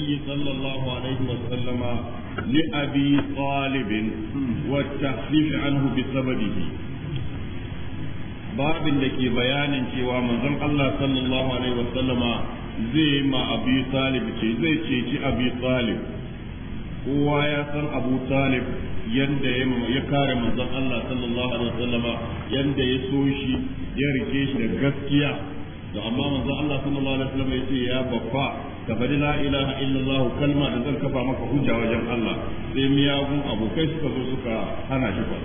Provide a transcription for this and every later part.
النبي صلى الله عليه وسلم لأبي طالب والتخفيف عنه بسببه باب لكي بيان cewa manzon Allah sallallahu alaihi wasallama zai ma Abi Talib ce zai ceci Abi Talib kowa ya san Abu Talib yanda ya kare manzon Allah sallallahu alaihi wasallama yanda ya so shi ya rike shi da gaskiya da amma manzon Allah sallallahu alaihi wasallama ya ce ya baffa. ka faɗi la ilaha illallah kalma da zan kafa maka hujja wajen Allah sai miyagun abokai suka zo suka hana shi ba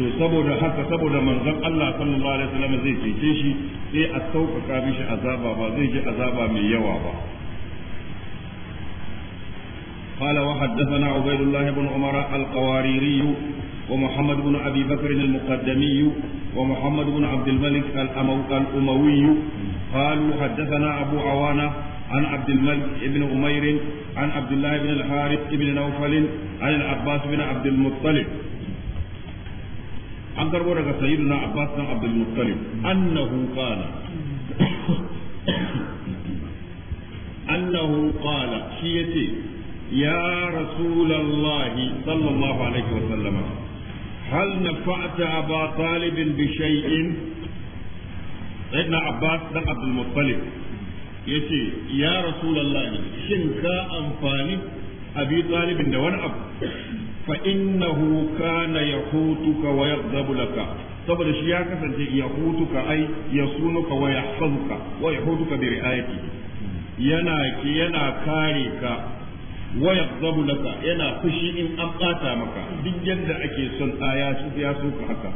to saboda haka saboda manzon Allah sallallahu alaihi wasallam zai cece shi sai a sauƙaƙa mishi azaba ba zai ji azaba mai yawa ba قال وحدثنا عبيد الله بن عمر القواريري ومحمد بن أبي بكر المقدمي ومحمد بن عبد الملك الأموي قالوا حدثنا أبو عوانة عن عبد الملك بن عمير عن عبد الله بن الحارث بن نوفل عن العباس بن عبد المطلب an karbo daga sayyiduna abbas dan abdul muttalib annahu qala annahu qala shi yace ya rasulullahi sallallahu wa sallama hal nafa'ta ba talib bi sayyidina abbas dan abdul ya ce, ya rasulullahi shin ka amfani abi talibin da wani abu fa innahu kana yahutuka wa saboda shi ya kasance yahutuka ai ka wa yahfazuka wa yahutuka bi ri'ayati yana ki yana kare ka wa yaghdhabu laka yana fushi in an bata maka duk yadda ake son aya su ya so ka haka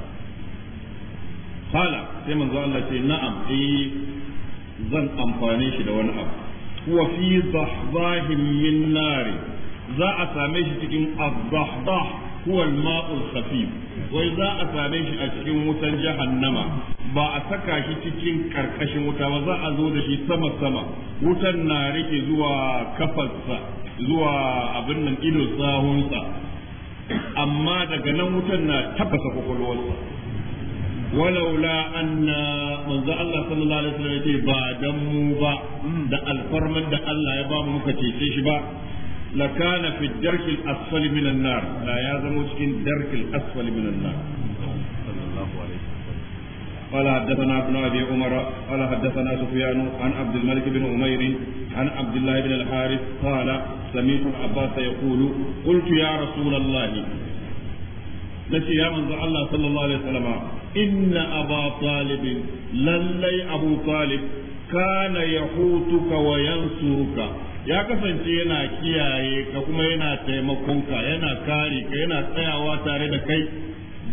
kala sai manzo Allah ce na'am eh zan amfane shi da wani abu wa fi dahdahin min nari za a same shi cikin ad-dahdah huwa al-ma'u al-khafif wai za a same shi a cikin wutan jahannama ba a saka shi cikin karkashin wuta ba za a zo da shi sama sama wutan na rike zuwa kafarsa zuwa abin nan ido sahunsa amma daga nan wutan na tafasa kwakwalwarsa ولولا أن من ذا الله صلى الله عليه وسلم يتي با دمو با دا الفرمن دا الله يبا مكتي تشبا لكان في الدرك الأسفل من النار لا يازم سكين درك الأسفل من النار صلى الله عليه وسلم قال حدثنا ابن ابي عمر قال حدثنا سفيان عن عبد الملك بن عمير عن عبد الله بن الحارث قال سمعت عباس يقول قلت يا رسول الله نسي يا من الله صلى الله عليه وسلم inna aba talibin lallai abu talib kana ka wa yansuruka ya kasance yana kiyaye ka kuma yana taimakon ka yana kare ka yana tsayawa tare da kai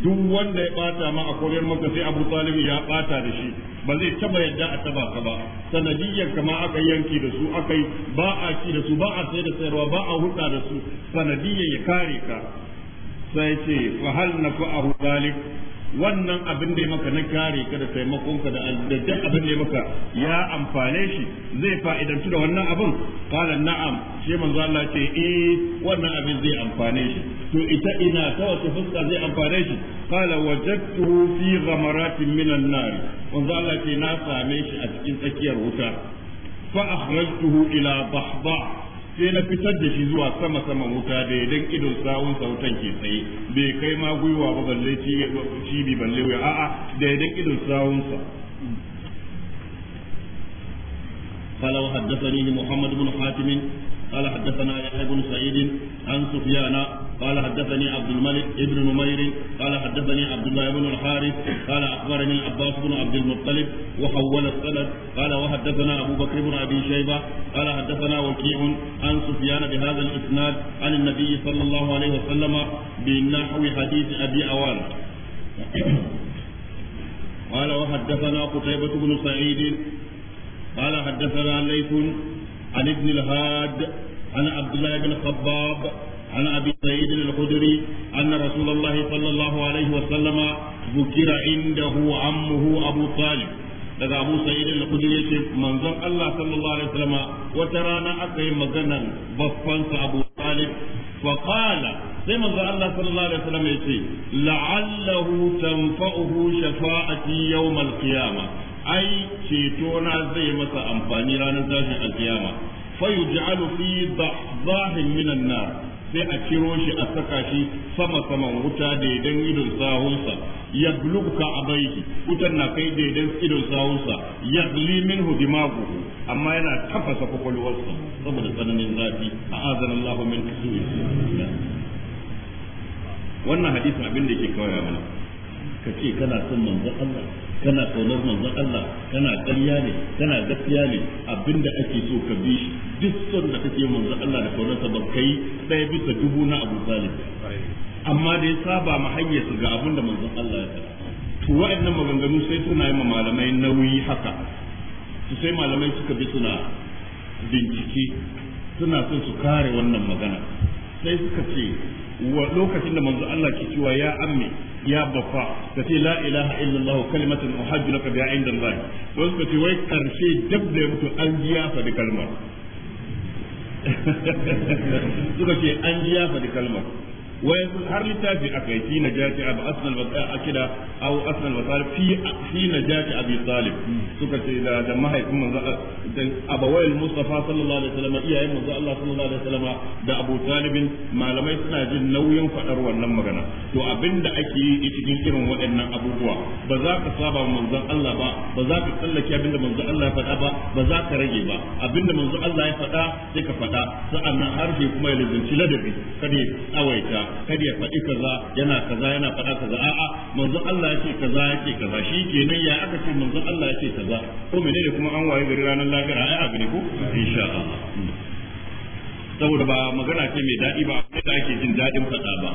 duk wanda ya bata ma a koriyar maka sai abu talib ya bata da shi ba zai taba yadda a taba ka ba sanadiyyar kama aka yanki da su aka ba a ci da su ba a sai da sayarwa ba a huta da su sanadiyyar ya kare ka sai ce fa hal na abu talib wannan abin da ya maka na kare ka da taimakon ka da duk abin da ya maka ya amfane shi zai fa'idantu da wannan abin Kala na'am shi manzo Allah ce eh wannan abin zai amfane shi to ita ina ta wace fuska zai amfane shi kala wajadtu fi ghamaratin minan nar manzo Allah ce na same shi a cikin tsakiyar wuta fa akhrajtuhu ila bahdah sai na fitar da shi zuwa sama sama wuta da idan idon sawun sautan ke tsaye bai kai ma gwiwa ba balle shi bi balle wuya a'a da idan idon sawun sa قال وحدثني محمد بن حاتم قال حدثنا يحيى بن سعيد عن سفيان قال حدثني عبد الملك ابن نمير قال حدثني عبد الله بن الحارث قال اخبرني العباس بن عبد المطلب وحول السند قال وحدثنا ابو بكر بن ابي شيبه قال حدثنا وكيع عن سفيان بهذا الاسناد عن النبي صلى الله عليه وسلم بنحو حديث ابي اوان قال وحدثنا قتيبة بن سعيد قال حدثنا ليث عن ابن الهاد عن عبد الله بن خباب عن أبي سعيد الخدري أن رسول الله صلى الله عليه وسلم ذكر عنده عمه أبو طالب daga Abu Sa'id al-Khudri yace manzon Allah sallallahu alaihi wasallam wata rana akayi maganar maganan babban Abu Talib fa sai manzon Allah sallallahu alaihi wasallam yace la'allahu tanfa'uhu shafa'ati yawm al-qiyamah ai ceto na zai masa amfani ranar tashin al-qiyama fa yuj'alu fi dhahzahin na. sai a ciro shi a saka shi sama saman wuta daidan idon sahunsa ya bluka a baiki wutan na kai daidan idon sahunsa ya limin hudimaku amma yana tafasa kwakwalwarsa saboda tsananin zafi a azanin lahomin kusuri wannan hadisin abin da ke kawai mana ka ce kana son manzon Allah kana tsoron manzon Allah kana ƙarya ne kana gaskiya ne abinda ake so ka bi shi duk son da kake manzon Allah da sa ba kai ɗaya bisa dubu na Abu Talib amma da ya saba ma hanyarsa ga abinda manzon Allah ya faɗa to wa'annan maganganu sai suna yi ma malamai nauyi haka su sai malamai suka bi suna bincike suna son su kare wannan magana sai suka ce lokacin da manzo Allah ke cewa ya amme ya baffa ka ce la ilaha illallah kalimatun uhajju laka biha inda Allah wasu ka ce wai karshe dab da ya mutu an ji ya faɗi kalmar suka ce an ji ya faɗi kalmar wayansu har littafi aka yi fi najati abu asnal akida au asnal masalib fi fi najati abi talib suka ce da da mahaifin manzo dan sallallahu alaihi wasallam iyayen manzo Allah sallallahu alaihi wasallam da abu talibin malamai suna jin nauyin fadar wannan magana to abinda ake yi cikin irin waɗannan abubuwa ba za ka saba manzon Allah ba ba za ka tsallake abinda manzon Allah ya faɗa ba ba za ka rage ba abinda manzon Allah ya faɗa sai ka faɗa sa'annan harshe kuma ya lizinci ladabi kada ya sawaita. kada ya faɗi kaza yana kaza yana faɗa kaza a'a manzon Allah yake kaza yake kaza shi kenan ya aka ce manzon Allah yake kaza ko menene kuma an waye gari ranar lafiya ai abu ne ko insha Allah saboda ba magana ce mai daɗi ba abin da ake jin daɗin faɗa ba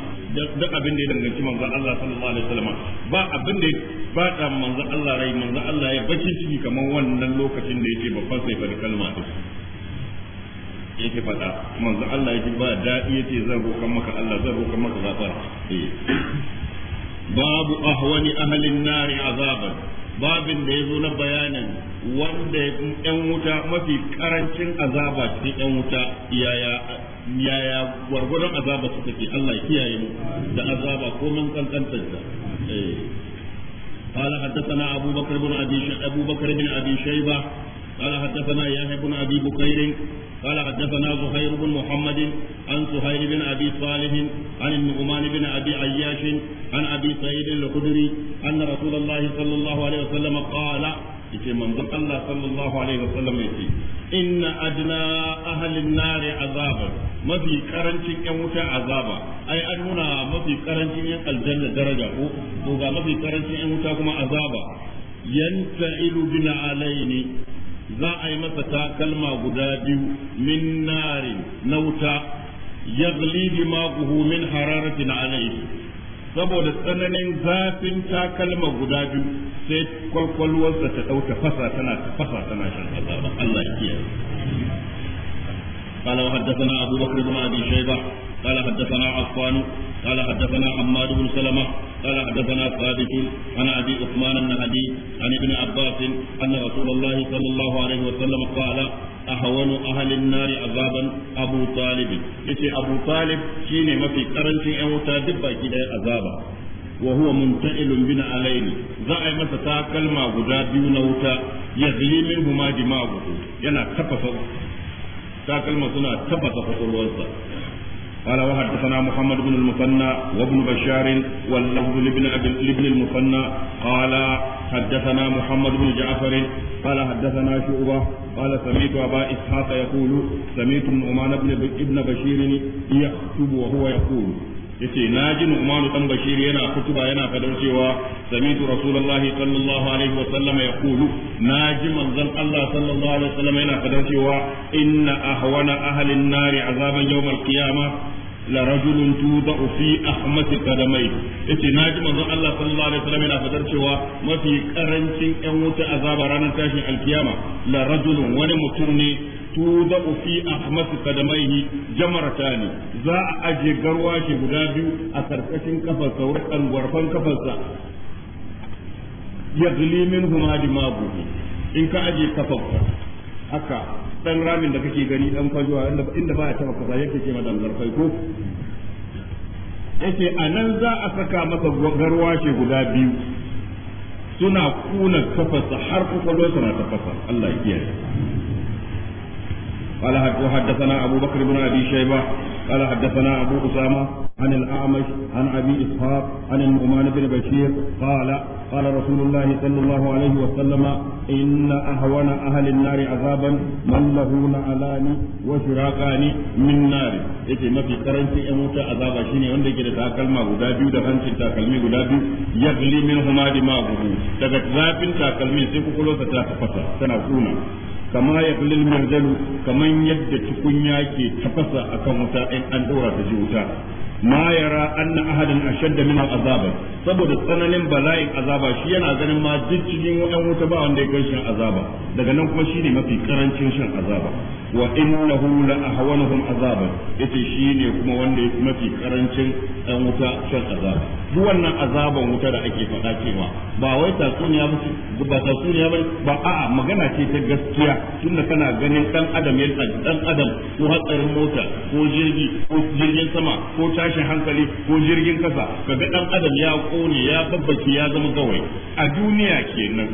duk abin da ya danganci manzon Allah sallallahu alaihi wasallam ba abin da ba da manzon Allah rai manzon Allah ya bakin ciki kamar wannan lokacin da yake babban sai fa kalma din yake faɗa manzo Allah yake ba daɗi yake zan roƙan maka Allah zan roƙan maka gafara eh. babu ahwani ahlin nari azaban babin da yazo na bayanin wanda ɗan wuta mafi karancin azaba cikin ɗan wuta yaya yaya gwargwadon azaba su take Allah ya kiyaye mu da azaba ko mun kankanta da قال حدثنا أبو بكر بن أبي أبو بكر بن أبي شيبة قال حدثنا يحيى بن ابي بكير قال حدثنا زهير بن محمد عن سهيل بن ابي صالح عن النعمان بن ابي عياش عن ابي سعيد الخدري ان رسول الله صلى الله عليه وسلم قال inna adna ahlin nar mafi karancin yan wuta azaba daraja ko to yan wuta kuma azaba yanta'ilu bina alaini za a yi masa takalma guda biyu min nari na wuta yaghli maguhu min hararatin alayhi saboda tsananin zafin takalma guda biyu sai kwakwalwarsa ta ɗauka fasa tana fasa tana shan azaba Allah ya kiyaye قال وحدثنا أبو بكر بن أبي شيبة قال حدثنا عفان قال حدثنا حماد بن سلمة قال حدثنا ثابت عن أبي عثمان النهدي عن ابن عباس أن رسول الله صلى الله عليه وسلم قال أهون أهل النار عذابا أبو طالب يتي أبو طالب شيني ما في قرنتي أو تادبا كده عذابا وهو منتقل بنا علينا زعي مسا كلمة غدا بيونا وتا يغلي منهما دماغه ينا كفف تاكلمة سنة كفف فقر قال وحدثنا محمد بن المثنى وابن بشار واللفظ لابن لابن المثنى قال حدثنا محمد بن جعفر قال حدثنا شعبة قال سمعت أبا إسحاق يقول سمعت نعمان بن ابن بشير يخطب وهو يقول yace na ji Nu'man dan Bashir yana kutuba yana fadar cewa samitu Rasulullahi sallallahu alaihi wa sallam ya kulu na ji manzon Allah sallallahu alaihi wa sallam yana fadar cewa inna ahwana ahli an-nar azaban yawm al-qiyamah la rajulun tuda fi ahmasi qadamai yace naji manzon Allah sallallahu alaihi wasallam yana fadar cewa mafi karancin yan wuta azaba ranar tashin alkiyama la rajulun wani mutum ne tuda fi ahmasi qadamaihi jamaratani za a aje garwashi guda biyu a karkashin kafar sauran gwarfan kafarsa yagli minhuma dimaguhu in ka aje kafarka haka dan ramin da kake gani dan fajuwa inda ba ya taba kaza yake ce madan zarfai ko yace a nan za a saka masa garwashe guda biyu suna kuna kafasa har kwakwalwarsa na tafasa Allah ya kiyaye قال حدثنا أبو بكر بن أبي شيبة قال حدثنا أبو أسامة عن الأعمش عن أبي إسحاق عن النعمان بن بشير قال قال رسول الله صلى الله عليه وسلم إن أهون أهل النار عذابا من له نعلان وشراكان من نار yake mafi karancin yan wuta azaba shine wanda yake da takalma guda biyu da hancin takalmi guda biyu ya gli min huma dimagu daga zafin takalmi sai kukulo ta tafasa tana kuna kama ya kulil marjalu kaman yadda tukunya ke tafasa akan wuta in an dora ta ji wuta ma yara anna ahadan ashadda min azaba saboda tsananin bala'in azaba shi yana ganin ma duk cikin wannan wuta ba wanda ya kai azaba daga nan kuma shine mafi karancin shan azaba wa innahu la ahwanuhum azaba yace shine kuma wanda ya mafi karancin dan wuta shan azaba duk wannan azaban wuta da ake faɗa cewa ba wai tatsuniya ba ba tatsuniya ba ba a'a magana ce ta gaskiya tunda kana ganin dan adam ya dan adam ko hatsarin mota ko jirgi ko jirgin sama ko tashin hankali ko jirgin kasa kaga dan adam ya kone ya babbaki ya zama gawai a duniya kenan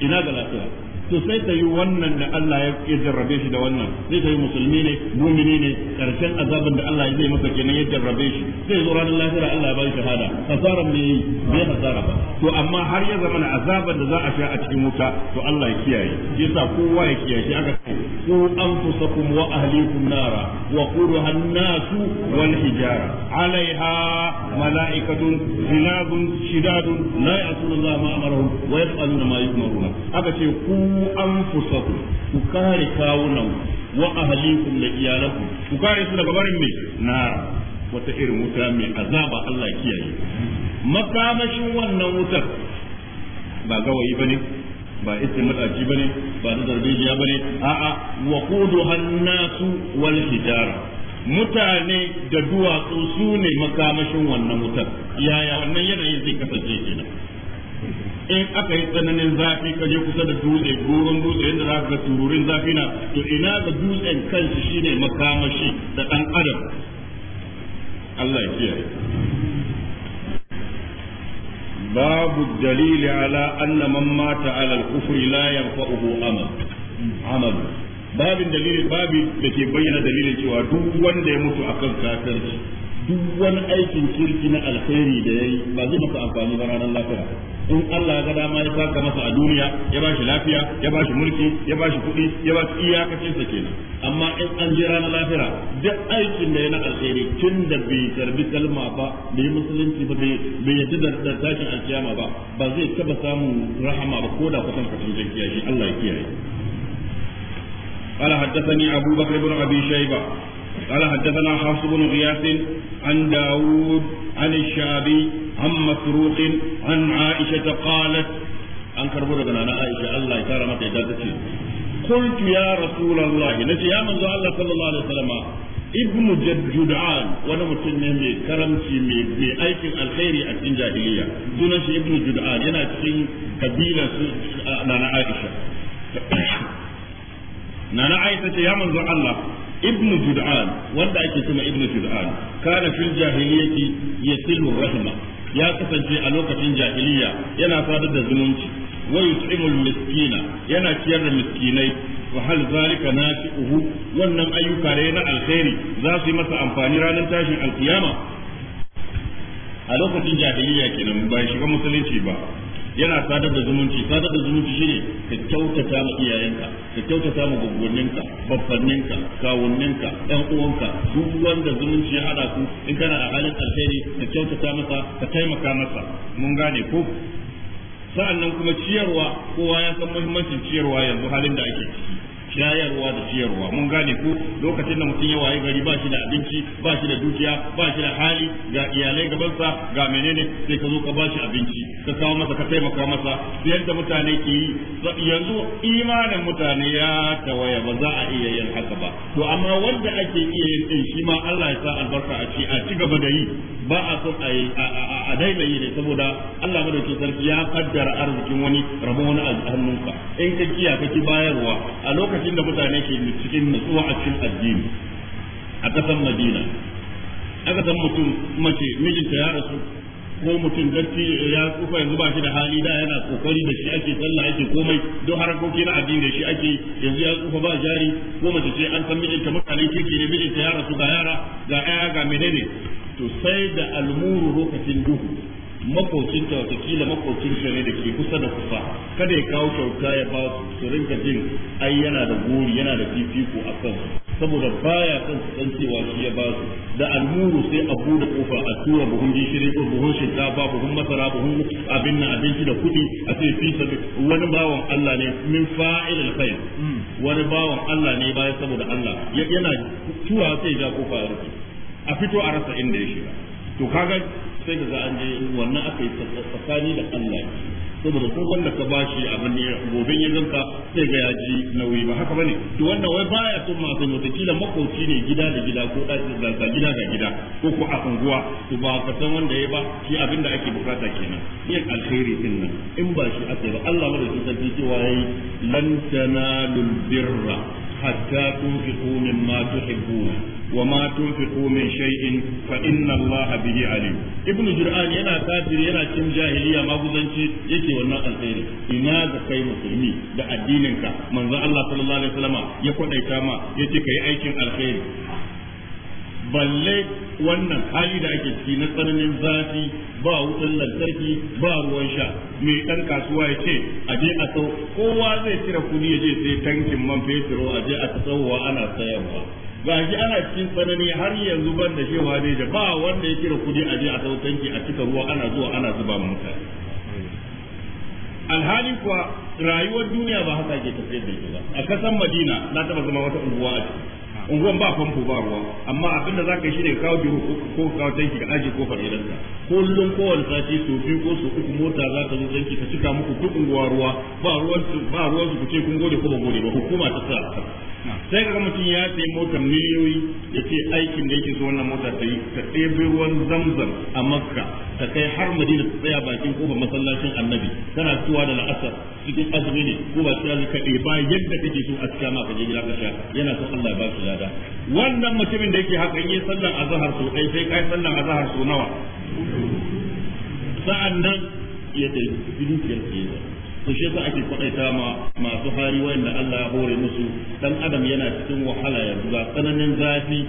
ina ga lafiya to sai ta yi wannan da Allah ya jarrabe shi da wannan sai ta yi musulmi ne mumini ne karshen azabin da Allah ya zai masa kenan ya jarrabe shi sai zo ranar lahira Allah ya bai shahada hasara me yi bai hasara ba to amma har ya zama na azaban da za a sha a cikin wuta to Allah ya kiyaye yasa kowa ya kiyaye shi aka ce ku anfusakum wa ahlikum nara wa quduha an-nas wal hijara alaiha mala'ikatun zinabun shidadun la ya'tuna ma amarahum wa yaf'aluna ma yu'maruna aka ce ku anfusakum ku kare kawunan wa ahlikum da iyalakum ku kare su daga barin me na wata irin wuta mai azaba Allah kiyaye makamashin wannan wutar ba gawayi bane ba ita madaci bane ba da darbejiya bane a'a wa qudu hannasu wal hijara mutane da duwatsu su ne makamashin wannan wutar yaya wannan yanayin zai kasance ke in aka yi tsananin zafi ka je kusa da dutse gurin dutse yadda za ka tururin zafi na to ina ga dutsen kansu shine makamashi da ɗan adam Allah ya kiyaye babu dalili ala anna man mata ala al-kufri la yanfa'uhu amal amal babin dalili babu da ke bayyana dalilin cewa duk wanda ya mutu akan kafirci duk wani aikin kirki na alkhairi da yayi ba zai maka amfani ba ranar lafiya in Allah ga dama ya saka masa a duniya ya bashi lafiya ya bashi mulki ya bashi kuɗi ya bashi iyakacin sa kenan amma in an je ranar lafiya duk aikin da ya na alheri tun da bai karbi kalma ba bai musulunci ba bai yadda da tashin alkiyama ba ba zai taba samun rahama ba ko da kusan kusan jinkiya shi Allah ya kiyaye قال حدثني قال حدثنا حفص بن غياث عن داود عن الشعبي عن مسروق عن عائشة قالت أن كربورة أنا عائشة الله يكرمك إذا قلت يا رسول الله نجي يا من الله صلى الله عليه وسلم ibnu jud'an wani mutum ne mai karamci mai aikin alkhairi a cikin jahiliya sunan shi ibnu jud'an yana cikin kabilar su nana aisha nana aisha ce ya manzo Allah Ibnu jud'an wanda ake cewa ibn jud'an kana fil jahiliyyati yasilu rahma ya kasance a lokacin jahiliya yana sadar da zumunci wa yut'imul miskina yana ciyar da miskinai wa hal zalika nafi'uhu wannan ayyuka ne na alkhairi za su yi masa amfani ranar tashin alkiyama a lokacin jahiliya kenan ba shi ga musulunci ba yana sadar da zumunci sadar da zumunci shine ka kyautata ma iyayenka ka kyautata ma gwaggwanninka babbanninka kawunninka ɗan uwanka duk wanda zumunci ya hada su, in kana a halin alheri ka kyautata masa ka taimaka masa mun gane ko sa'annan kuma ciyarwa kowa ya san muhimmancin ciyarwa yanzu halin da ake ciki shayarwa da ciyarwa mun gane ku lokacin da mutum ya waye gari ba shi da abinci ba shi da dukiya ba shi da hali ga iyalai gabansa ga menene sai ka zo ka ba shi abinci ka kawo masa ka taimaka masa yadda mutane ke yi yanzu imanin mutane ya tawaya ba za a iya yin haka ba to amma wanda ake iya yin din shi ma Allah ya sa albarka a ci a ci gaba da yi ba a so a daina yi ne saboda Allah madauki sarki ya kaddara arzikin wani rabon wani a hannunka in ka kiya kake bayarwa a lokacin lokacin da mutane ke cikin nutsuwa a cikin addini a ƙasar madina aka san mutum mace mijinta ya rasu ko mutum datti ya tsufa yanzu ba shi da hali da yana kokari da shi ake sallah ake komai don harakoki na addini da shi ake yanzu ya tsufa ba jari ko mace ce an san mijinta mutanen kirki ne mijinta ya rasu ga yara ga ƴaƴa ga menene to sai da almuru lokacin duhu makocinta watakila makocinta ne da ke kusa da kusa kada ya kawo kyauta ya ba su su rinka jin ai yana da gori yana da fifiko a kan saboda baya kan su san cewa shi ya ba su da almuru sai a bude kofa a tura buhun gishiri ko buhun shinkafa buhun masara buhun abin nan abinci da kuɗi a ce fi wani bawan Allah ne min fa'il alkhair wani bawan Allah ne baya saboda Allah yana tuwa sai ja kofa a rufe a fito a rasa inda ya shiga to kaga sai ka ga an je wannan aka yi tsakani da Allah saboda ko wanda ka bashi abin da gobin ya zanka sai ga ya ji nauyi ba haka bane to wannan wai baya son ma sai wata kila makoci ne gida da gida ko ɗaki da gida da gida ko ko a unguwa to ba ka san wanda ya ba shi abin da ake bukata kenan yin alkhairi din nan in ba shi aka ba Allah madaukakin sarki cewa yayi lan tanalul birra hatta tunfiqu mimma tuhibbuna وما تنفقوا من شيء فإن الله به عليم ابن جرآن yana kafir yana cin jahiliya maguzanci yake wannan alkhairi ina ga kai musulmi da addininka manzon Allah sallallahu alaihi wasallama ya kwadaita ma yace kai aikin alkhairi balle wannan hali da ake ciki na tsananin zafi ba wutan lantarki ba ruwan sha mai dan kasuwa ya ce a je a sau kowa zai cire kudi ya je sai tankin man fetur a je a sauwa ana sayarwa gashi ana cikin tsanani har yanzu ban da shewa ne da ba wanda ya kira kudi a je a sau tanki a cika ruwa ana zuwa ana zuba mu mutane alhali kuwa rayuwar duniya ba haka ke tafiyar da ita ba a kasan madina na taba zama wata unguwa a ciki unguwan ba famfo ba ruwa amma abin da zaka yi shine ka kawo biro ko ka kawo tanki ka aje kofar gidanka kullum kowane sati so biyu ko so uku mota za ta zo tanki ka cika muku duk unguwa ruwa ba ruwan ba ruwan ku ce kun gode ko ba gode ba hukuma ta sa sai ga mutum ya sayi motar miliyoyi ya ce aikin da yake so wannan mota ta yi ta ɗebe ruwan zamzam a makka ta kai har madina ta tsaya bakin kofar masallacin annabi tana tuwa da la'asar cikin azumi ne ko ba ta zai kaɗe ba yadda kake so a cikin maka je gida ka sha yana son Allah ya ba su lada wannan mutumin da yake haka in yi sallan azhar so ɗai sai kai sallan azhar so nawa sa'an nan ya yi dukiyar ke to shi yasa ake kwadaita ma masu hali wanda Allah ya hore musu dan adam yana cikin wahala yanzu ga tsananin zafi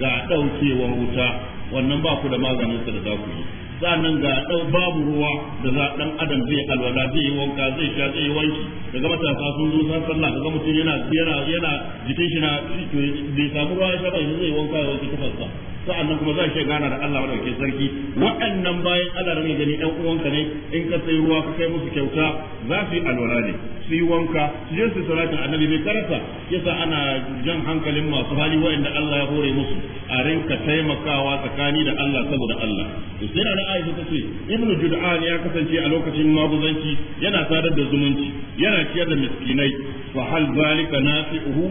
ga daukewar wuta wannan ba ku da maganin sa da za ku yi sannan ga dau babu ruwa da za dan adam zai alwala zai wanka zai sha zai wanki daga matasa sun zo san sallah daga mutum yana yana yana jikin shi na bai samu ruwa ya sha ba zai wanka ya wanki kafarsa sa'annan kuma za shiga gana da Allah wadda sarki waɗannan bayan Allah ne gani ɗan uwanka ne in ka sai ruwa ka kai musu kyauta za su yi alwala ne su yi wanka su je su salatin annabi bai karasa yasa ana jan hankalin masu hali waɗanda Allah ya hore musu a rinka taimakawa tsakani da Allah saboda Allah to sai na Aisha ta ce Ibn Jud'an ya kasance a lokacin maguzanci yana sadar da zumunci yana ciyar da miskinai fa hal zalika uhu.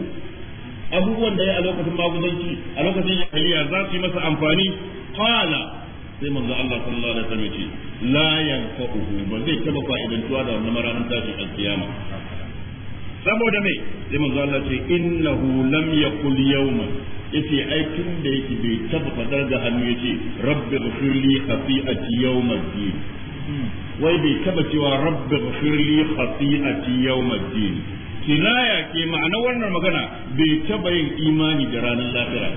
abubuwan da ya a lokacin maguzanci, a lokacin jahiliya za su yi masa amfani qala sai manzo Allah sallallahu alaihi wasallam ce la yanfa'uhu ba zai taba fa'idantuwa da wannan maranin tashi alkiyama saboda me sai manzo Allah ce innahu lam yaqul yawman yace ai tun da yake bai taba fadar da hannu yace rabbi ghfirli khati'ati yawmal din hmm. wai bai taba cewa rabbi ghfirli khati'ati yawmal din kinaya ke ma'anar wannan magana bai taba yin imani da ranar lahira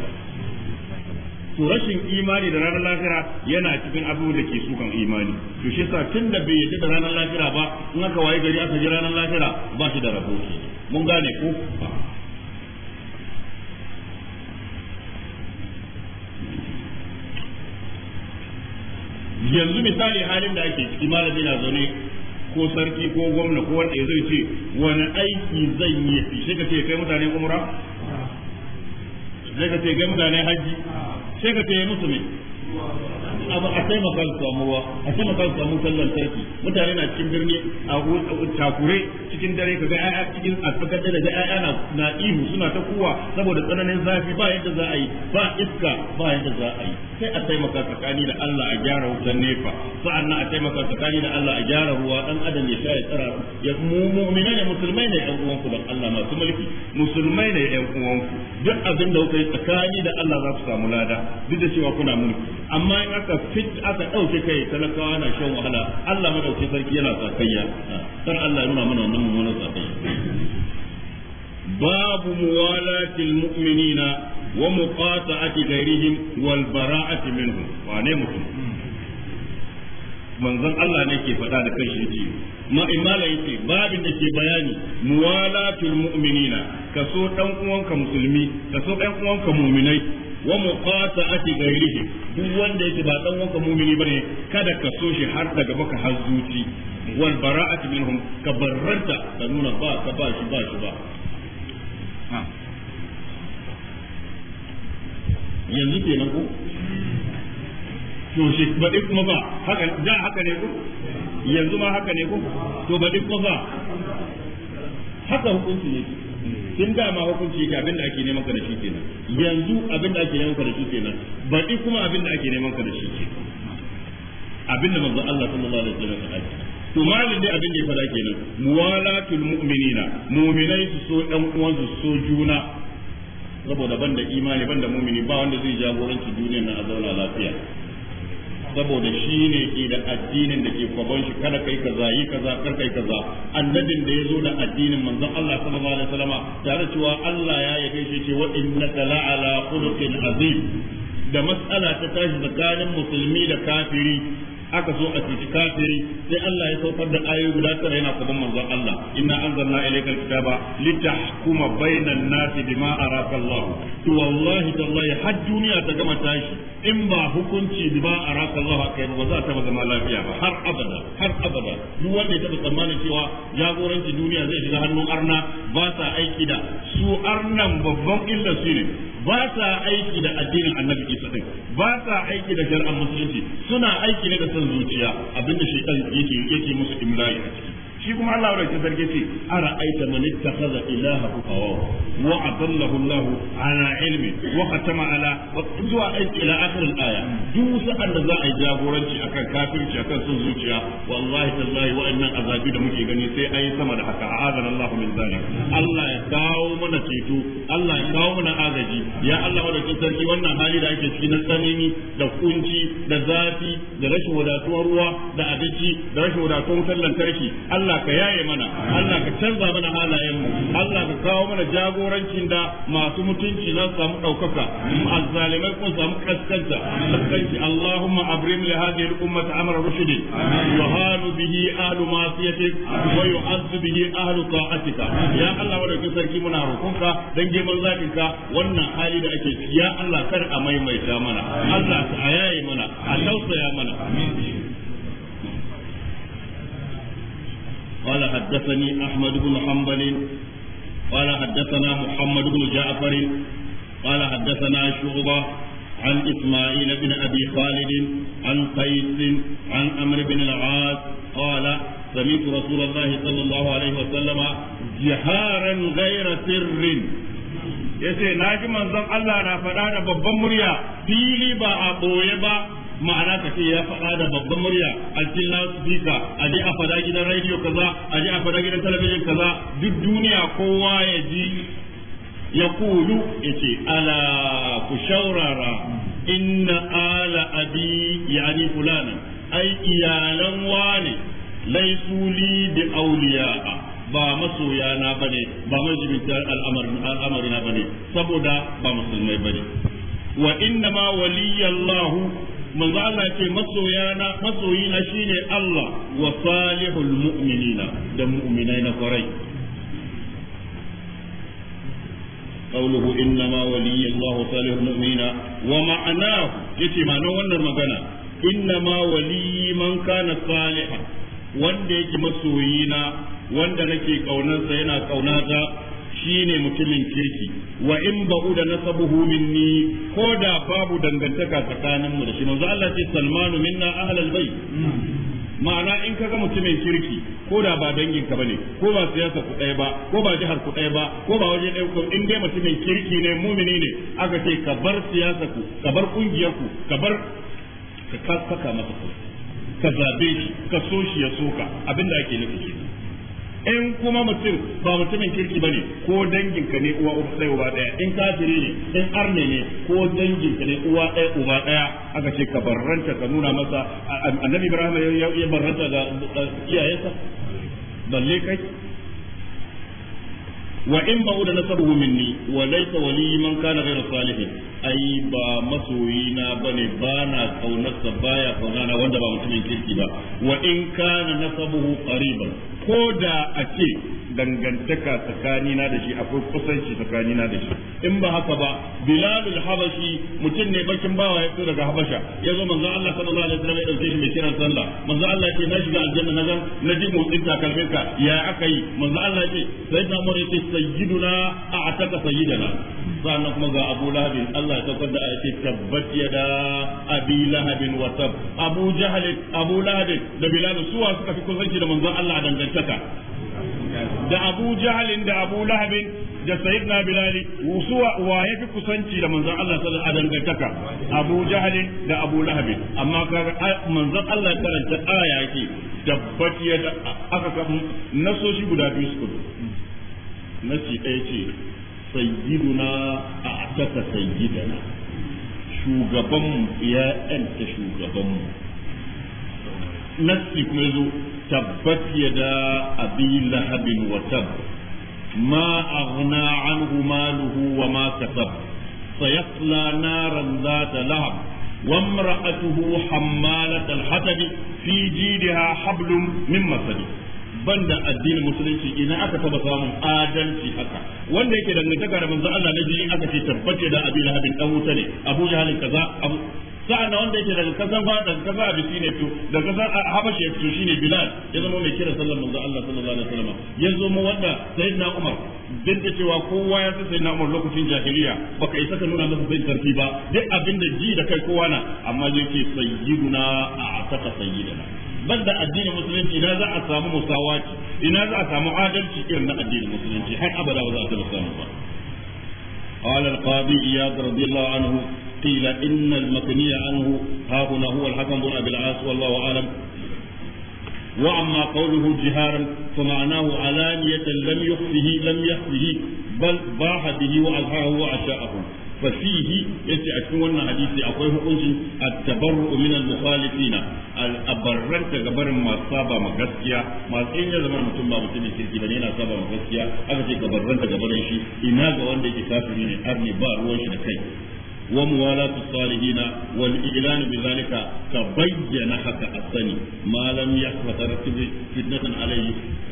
to rashin imani da ranar lahira yana cikin abin da ke sukan imani to shi yasa tun da bai yadda da ranar lahira ba in aka waye gari aka ji ranar lahira ba shi da rabo mun gane ko yanzu misali halin da ake ciki malami na zaune ko sarki ko gwamna ko wanda zai ce wani aiki zan yi sai ka ce kai mutane umra sai ka ce kai mutane haji sai ka ce musu ne abu a taimaka su samu ruwa a taimaka su samu wutar lantarki mutane na cikin birni a takure cikin dare ka ga ƴaƴa cikin asfakar da ga ƴaƴa na na ihu suna ta kuwa saboda tsananin zafi ba yadda za a yi ba iska ba yadda za a yi sai a taimaka tsakani da Allah a gyara wutar nefa sa'annan a taimaka tsakani da Allah a gyara ruwa dan adam ya sha ya tsara ya mu'mina ne musulmai ne 'yan uwanku dan Allah masu mulki musulmai ne 'yan uwanku duk abin da kuka yi tsakani da Allah za su samu lada duk da cewa kuna mulki amma in aka aka fit aka dauke kai talakawa na shan wahala Allah madauki sarki yana sakayya dan Allah ya nuna mana wannan mummunan sakayya babu muwalatil mu'minina wa muqata'ati ghairihim wal bara'ati minhum ne mutum manzon Allah ne ke faɗa da kanshi yake ma imala yake babin da ke bayani muwalatul mu'minina kaso dan uwanka musulmi kaso dan uwanka mu'minai wa muqata'ati ghairihi duk wanda yake ba dan wanka mumini bane kada ka so shi har daga baka har zuci wal bara'ati minhum ka barranta ka nuna ba ka ba shi ba shi ba yanzu kenan ko to shi ba duk kuma ba haka da haka ne ko yanzu ma haka ne ko to ba duk kuma ba haka hukunci ne tun da ma hukunci ga abin da ake neman ka da shi kenan yanzu abin da ake neman ka da shi kenan baɗi kuma abin da ake neman ka da shi kenan abin da manzo Allah sallallahu alaihi wasallam ya faɗa to malin dai abin da ya faɗa kenan muwalatul mu'minina mu'minai su so uwan su so juna saboda banda imani banda mu'mini ba wanda zai jagoranci duniyar nan a zauna lafiya saboda shi ne ke da addinin da ke kwaban shi kada kai kaza yi kaza kar kai kaza annabin da ya zo da addinin manzon Allah sallallahu alaihi wasallama tare cewa Allah ya yabe shi ce wa innaka la'ala khuluqin azim da mas'ala ta tashi tsakanin musulmi da kafiri aka so a cuci kafiri sai Allah ya saukar da ayoyi guda tara yana kwaban manzon Allah inna anzalna ilayka alkitaba litahkuma bainan nasi bima araka to wallahi tallahi har duniya ta gama tashi in ba hukunci ba a raka Allah kai ba za ta taba zama lafiya ba har abada har abada duk wanda ya taba tsammanin cewa jagoranci duniya zai shiga hannun arna ba sa aiki da su arnan babban illa su ne ba sa aiki da addinin annabi Isa din ba sa aiki da jar'an musulunci suna aiki ne da son zuciya abinda shekaru yake yake musu imla'i a shi kuma Allah wadda zarge ce ara aita man ittakhadha ilaha hawa wa adallahu Allah ala ilmi wa khatama ala wa zuwa ila akhir al-aya duk sa'an da za a yi jagoranci akan kafirci akan sun zuciya wallahi tallahi wa'annan azabi da muke gani sai an yi sama da haka a'adana Allah min zalik Allah ya kawo mana ceto Allah ya kawo mana agaji ya Allah wadda sarki wannan hali da ake ciki cikin tsanani da kunci da zafi da rashin wadatuwar ruwa da abinci da rashin wadatuwar wutar lantarki Allah Allah ka yaye mana Allah ka canza mana halayen mu Allah ka kawo mana jagorancin da masu mutunci za su samu daukaka azzalimai kun samu kaskanta kaskanci Allahumma abrim li hadhihi al-ummati amra rushdi wa halu bihi ahlu masiyatik wa yu'azzu bihi ahlu ta'atika ya Allah wadda sarki muna roƙonka dan geman zakin ka wannan hali da ake ya Allah kar a maimaita mana Allah ka yaye mana a tausaya mana amin قال حدثني أحمد بن حنبل قال حدثنا محمد بن جعفر قال حدثنا شعبة عن إسماعيل بن أبي خالد عن قيس عن أمر بن العاص قال سمعت رسول الله صلى الله عليه وسلم جهارا غير سر yace na ji manzon Allah na faɗa da babban murya fili ba a ɓoye ba ma'ana ka ce ya faɗa da babban murya a cikin loudspeaker a je a faɗa gidan radio kaza a je a faɗa gidan talabijin kaza duk duniya kowa ya ji ya kulu ya ce ala ku shaurara inna ala abi yani fulana ai iyalan wane laisu li bi a ba masoya na bane ba majibitar al'amari na bane saboda ba musulmai bane wa inna ma waliyallahu manzo Allah ya ce masoyana masoyina shine Allah wa salihul mu'minina da mu'minai na kwarai قوله إنما ولي الله صالح المؤمنين ومعناه يتي معنى وانا مغانا إنما ولي من كان صالحا wanda yake masoyina wanda nake ƙaunarsa yana kaunata shine mutumin kirki wa in ba'u ba'uda nasabuhu minni ko da babu dangantaka tsakanin mu da shi manzo Allah ce salmanu minna ahlal bayt ma'ana in ka ga mutumin kirki ko da ba dangin ka bane ko ba siyasa ku ɗaya ba ko ba jihar ku ɗaya ba ko ba waje ɗaya ku in dai mutumin kirki ne mumini ne aka ce ka bar siyasa ku ka bar kungiyar ku ka bar ka saka masa ku ka zabe shi ka so shi ya soka abinda ake nufi in kuma mutum ba mutumin kirki bane ko danginka ne uwa uba ɗaya uba ɗaya in kafiri ne in arne ne ko danginka ne uwa ɗaya uba ɗaya aka ce ka barranta ka nuna masa annabi ibrahim ya barranta ga iyayensa balle kai wa in ba da nasabuhu minni wa laysa wali man kana ghayra salihin ai ba masoyi na bane ba na kaunarsa baya kaunana wanda ba mutumin kirki ba wa in kana nasabuhu qariban ko da a ce dangantaka tsakanina da shi akwai kusanci tsakanina da shi in ba haka ba bilalul habashi mutum ne bakin bawa ya fito daga habasha ya zo manzo Allah sallallahu alaihi wasallam ya dauke shi mai kiran sallah manzo Allah ya ce na shiga aljanna na gan na ji motsin takalmin ya aka yi manzo Allah ya ce sai da mure ce sayyiduna a ataka sayyidana sannan kuma ga Abu Lahab Allah ya saukar da ayati tabbat da Abi Lahab wa tab Abu Jahl Abu Lahab da Bilal suwa suka fi kusanci da manzon Allah dangantaka da Abu Jahl da Abu Lahab da sayyidina bilali wusuwa wa ya fi kusanci da manzon Allah sallallahu alaihi dangantaka Abu Jahal da Abu Lahab amma kaga manzon Allah ya karanta aya yake tabbati da aka nasoshi guda biyu na ci ɗaya ce سيدنا أعتق سيدنا شو غبم يا أنت شو غبم نسي كمزو تبت يدا أبي لهب وتب ما أغنى عنه ماله وما كسب سيصلى نارا ذات لهب وامرأته حمالة الحتب في جيدها حبل من مسدس banda addinin musulunci ina aka taba samun adalci haka wanda yake dangantaka da manzo Allah na jini aka ce tabbace da abin habin dan wuta ne abu jahalin kaza abu sa'an nan wanda yake daga kasan ba daga Kaza abisi ne to daga kasan habashi ya to shine bilal ya zama mai kira sallar manzo Allah sallallahu alaihi wasallam ya zo mu wanda sayyidina umar duk da cewa kowa ya sai na umar lokacin jahiliya baka isa ka nuna masa sai tarfi ba duk abin da ji da kai kowa na amma yake sayyiduna a saka sayyidina banda addinin musulunci ina za a samu musawaci ina za a samu adalci irin na addinin musulunci har abada ba za a samu ba قال القاضي إياد رضي الله عنه قيل إن المثني عنه ها هنا هو الحكم بن أبي العاص والله أعلم وأما قوله جهارا فمعناه علانية لم يخفه لم يخفه بل باح به وأظهره وأشاءه ففيه يتي أكون حديثي أقوي حقوق التبرع من المخالفين الأبرن تغبر ما صابا ما غسكيا ما سين يزمر متن ما متن كيركي بني أنا صابا ما غسكيا أكتي غبرن تغبر شي إنا غوان دي كافرين أرني بار وش دكاي وموالاة الصالحين والإعلان بذلك كبين حتى الثاني ما لم يحفظ فتنة عليه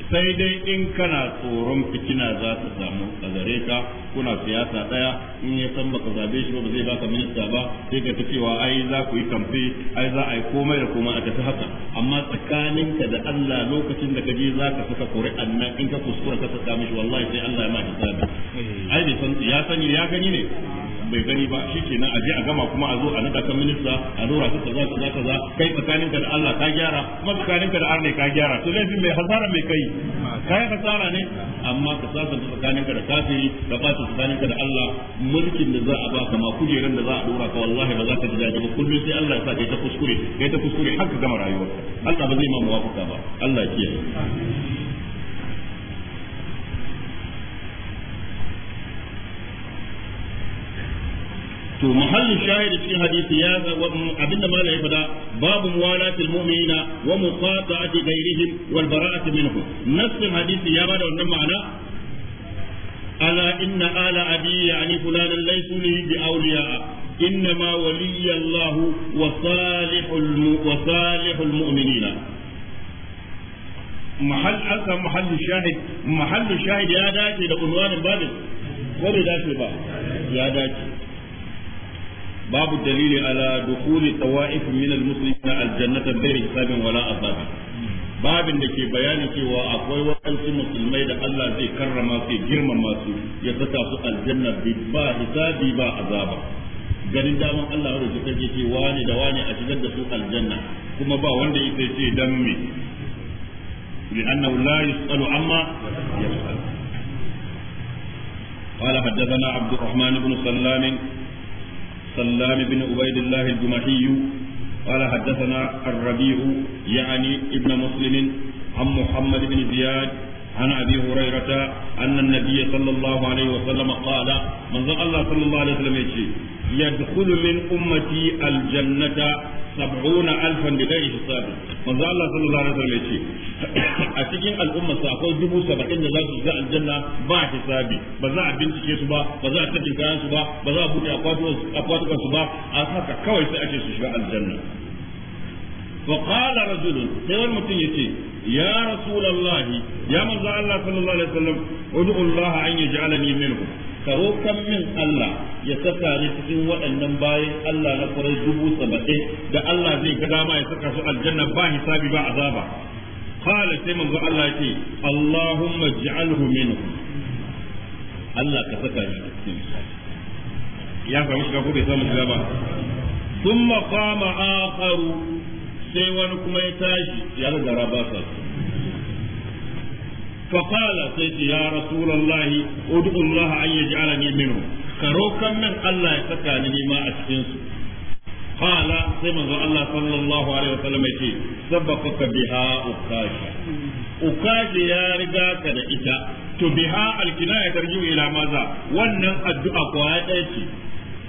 sai dai in kana tsoron fitina za ta samu a gare ka kuna siyasa daya in ya san baka zabe shi ba zai baka minista ba sai ka cewa ai za ku yi kamfe ai za a yi komai da komai a tafi haka amma tsakaninka da Allah lokacin da ka je za ka saka ƙuri'an nan in ka kuskura ka saka mishi wallahi sai Allah ya ma hisabi eh. ai bai san ya sani ya gani ne bai gani ba shi shikenan a je a gama kuma a zo a nada kan minista a dora ka kaza kaza kaza kai tsakaninka da Allah ka gyara kuma tsakaninka da arne ka gyara to laifin mai hasara mai kai kai hasara ne amma ka sasa tsakaninka da kafiri ka ba tsakaninka da Allah mulkin da za a baka ma kujeran da za a dora ka wallahi ba za ka ji daɗi ba kullum sai Allah ya sa kai ta kuskure kai ta kuskure har ka gama rayuwar Allah ba zai ma muwafaka ba Allah ya kiyaye to mahallin shahidi cikin hadisi ya mm, abinda mala ya fada babu muwalatil mu'minina wa muqata'ati ghairihim wal bara'ati minhum nassin hadisi ya bada wannan ma'ana ألا إن آل أبي يعني فلانا ليسوا لي بأولياء إنما ولي الله وصالح wa وصالح المؤمنين محل أكا محل الشاهد محل الشاهد يا داتي لقنوان بابل ولا داتي بابل يا داتي باب الدليل على دخول طوائف من المسلمين الجنة بغير حساب ولا عذاب babin da ke bayani cewa akwai waɗansu musulmai da Allah zai karrama su girmama su ya saka su aljanna ba hisabi ba azaba ganin daman Allah ya rubuta ke ce wani da wani a shigar da su aljanna kuma ba wanda ya ce dan قال حدثنا عبد الرحمن بن سلام سلام بن عبيد الله الجمحي قال حدثنا الربيع يعني ابن مسلم عن محمد بن زياد عن ابي هريره ان النبي صلى الله عليه وسلم قال من الله صلى الله عليه وسلم يجي يدخل من أمتي الجنة سبعون ألفا بغير حساب من ذا الله صلى الله عليه وسلم يقول أتكين الأمة سأقول جبو سبعين لا تجزاء الجنة با حسابي بزاء بنت شيء سبا بزاء تجن كيان سبا بزاء بني أقواتك سبا أصحك كوي سأجي سشبع الجنة فقال رجل سيوان متن يتي يا رسول الله يا من ذا الله صلى الله عليه وسلم ادعو الله أن يجعلني منهم ka roƙan min Allah ya saka ni cikin waɗannan bayan Allah na kurai dubu saba'in da Allah zai ga dama ya saka su aljanna ba hisabi ba azaba qala sai manzo Allah ce, Allahumma ij'alhu minhum Allah ka saka shi cikin ya samu shiga ko bai samu shiga ba thumma qama akharu sai wani kuma ya tashi ya riga ba sa su. فقال سيدي يا رسول الله ادعو الله أن يجعلني منه كروكا من الله يسكنني ما أشكنس قال سيما الله صلى الله عليه وسلم يتي سبقك بها أكاشا أكاشا يا رجاك لإتا to biha alkinaya tarjiu ila maza wannan addu'a kwaya ɗaya ce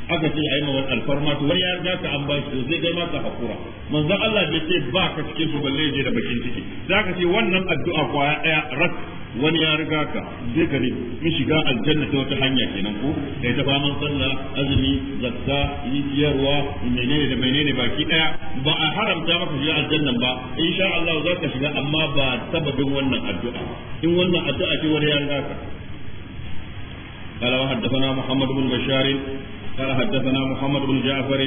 aka ce ayi mawan alfarma to wani ya riga ka an bashi to sai kai ka hakura manzo Allah bai ce ba ka cikin su balle je da bakin ciki zaka ce wannan addu'a kwaya daya rak wani ya riga ka sai ka in shiga aljanna ta wata hanya kenan ko kai ta faman sallah azumi zakka yiyarwa menene da menene baki daya ba a haramta maka shiga aljanna ba insha Allah za ka shiga amma ba sababin wannan addu'a in wannan addu'a ce wani ya riga ka قال وحدثنا محمد بن بشار قال حدثنا محمد بن جعفر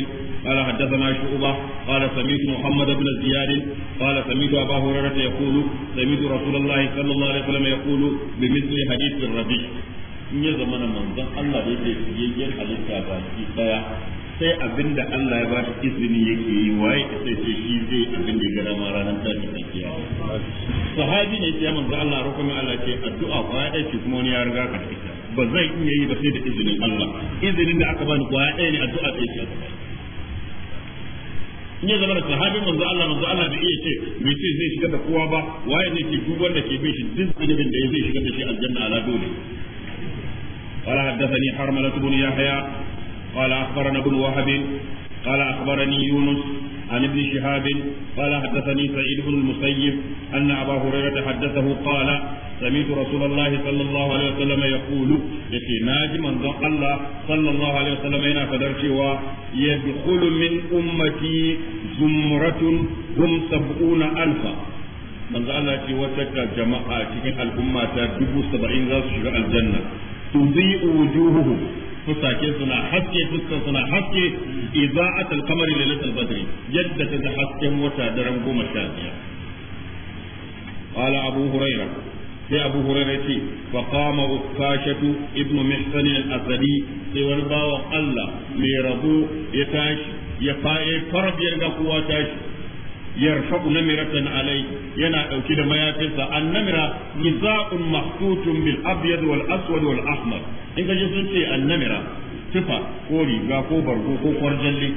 قال حدثنا شعبة قال سميت محمد بن زياد قال سميت أبا هريرة يقول سميت رسول الله صلى الله عليه وسلم يقول بمثل حديث الربيع in ya Allah da yake fiyayyen halitta sai abin da Allah ya ba shi izini yake yi waye sai sai shi zai abin da ya gara ranar tashi da kiyawa sahabi ne sai manzon Allah rukun Allah ce addu'a ba ya dace kuma wani ya riga ka ba zai iya yi ba sai da izinin Allah izinin da aka bani kuwa ɗaya ne addu'a ɗaya ce in ya zama da sahabin manzo Allah manzo Allah da iya ce bai ce zai shiga da kowa ba waye ne ke duk wanda ke bin shi duk zunubin da ya zai shiga da shi aljanna ala dole Qala حدثني حرملة بن يحيى qala أخبرنا ابن وهب قال أخبرني يونس عن ابن شهاب قال حدثني سعيد بن المسيب أن أبا هريرة حدثه قال سمعت رسول الله صلى الله عليه وسلم يقول لكي ناجي من الله صلى الله عليه وسلم هنا فدرشي يدخل من أمتي زمرة هم سبعون ألفا manzo Allah ce wata jama'a cikin al'umma ta dubu saba'in za su shiga aljanna tudhi'u wujuhuhum fusake suna haske fuskar suna haske idza'at al-qamari lailatul badri yadda ta hasken wata daren goma sha biyar qala abu sai abu hurairu ce fa ukashatu ibnu mihsan al-asadi sai wani bawan Allah mai rabo ya tashi ya faye farbiyar ga kowa tashi yarfa'u namiratan alai yana ɗauki da mayafinsa annamira niza'un mahdutun bil abyad wal aswad wal ahmar in kaje sun ce annamira sifa ko riga ko bargo ko kwarjalle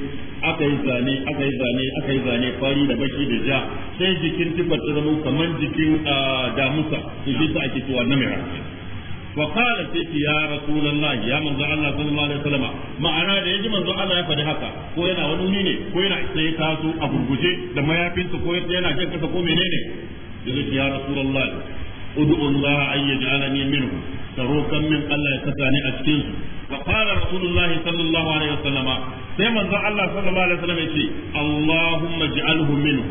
aka yi zane aka yi zane aka yi zane fari da baki da ja sai jikin sifar ta zama kamar jikin damusa to shi sa ake cewa namira wa qala sai ya rasulullah ya manzo Allah sallallahu alaihi wasallam ma'ana da yaji manzo Allah ya faɗi haka ko yana wani ne ko yana sai taso a gurguje da mayafinsa ko yana jin kasa ko menene yaji ya rasulullah ud'u Allah an yaj'alani minhu tarokan min Allah ya kasani a cikin su wa qala rasulullahi sallallahu alaihi wasallam sai manzo Allah sallallahu alaihi wasallam yace Allahumma ij'alhu minhu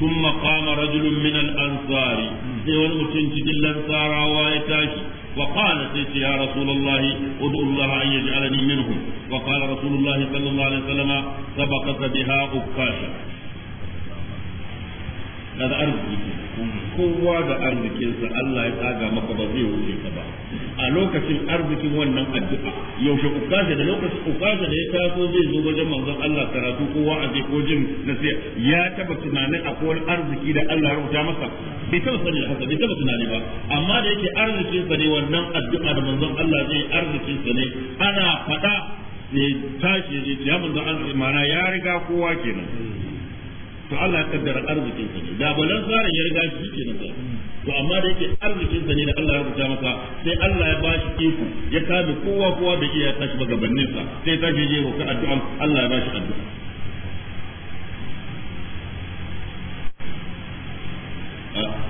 thumma qama rajulun min ansari sai wani mutum cikin lansarawa ya tashi وقال سيدي يا رسول الله ادعو الله ان يجعلني منهم وقال رسول الله صلى الله عليه وسلم سبقت بها أبقاشا هذا kowa da arzikinsa Allah ya tsaga maka ba zai wuce ka ba a lokacin arzikin wannan addu'a yaushe ukasha da lokacin ukasha da ya taso zai zo wajen manzon Allah karatu kowa a je ko jin nasiha ya taba tunanin akwai arziki da Allah ya rubuta masa bai taba sani da haka bai taba tunani ba amma da yake arzikin sa ne wannan addu'a da manzon Allah zai arzikin sa ne ana fada ne tashi ne ya manzon Allah ma'ana ya riga kowa kenan to Allah ya kaddara arzikin sa ne da bolan tsarin ya riga shi ke nan to amma da yake arzikin sa ne da Allah ya rubuta masa sai Allah ya bashi iko ya tabi kowa kowa da iya tashi magabannin sa sai tashi je roƙa addu'a Allah ya bashi addu'a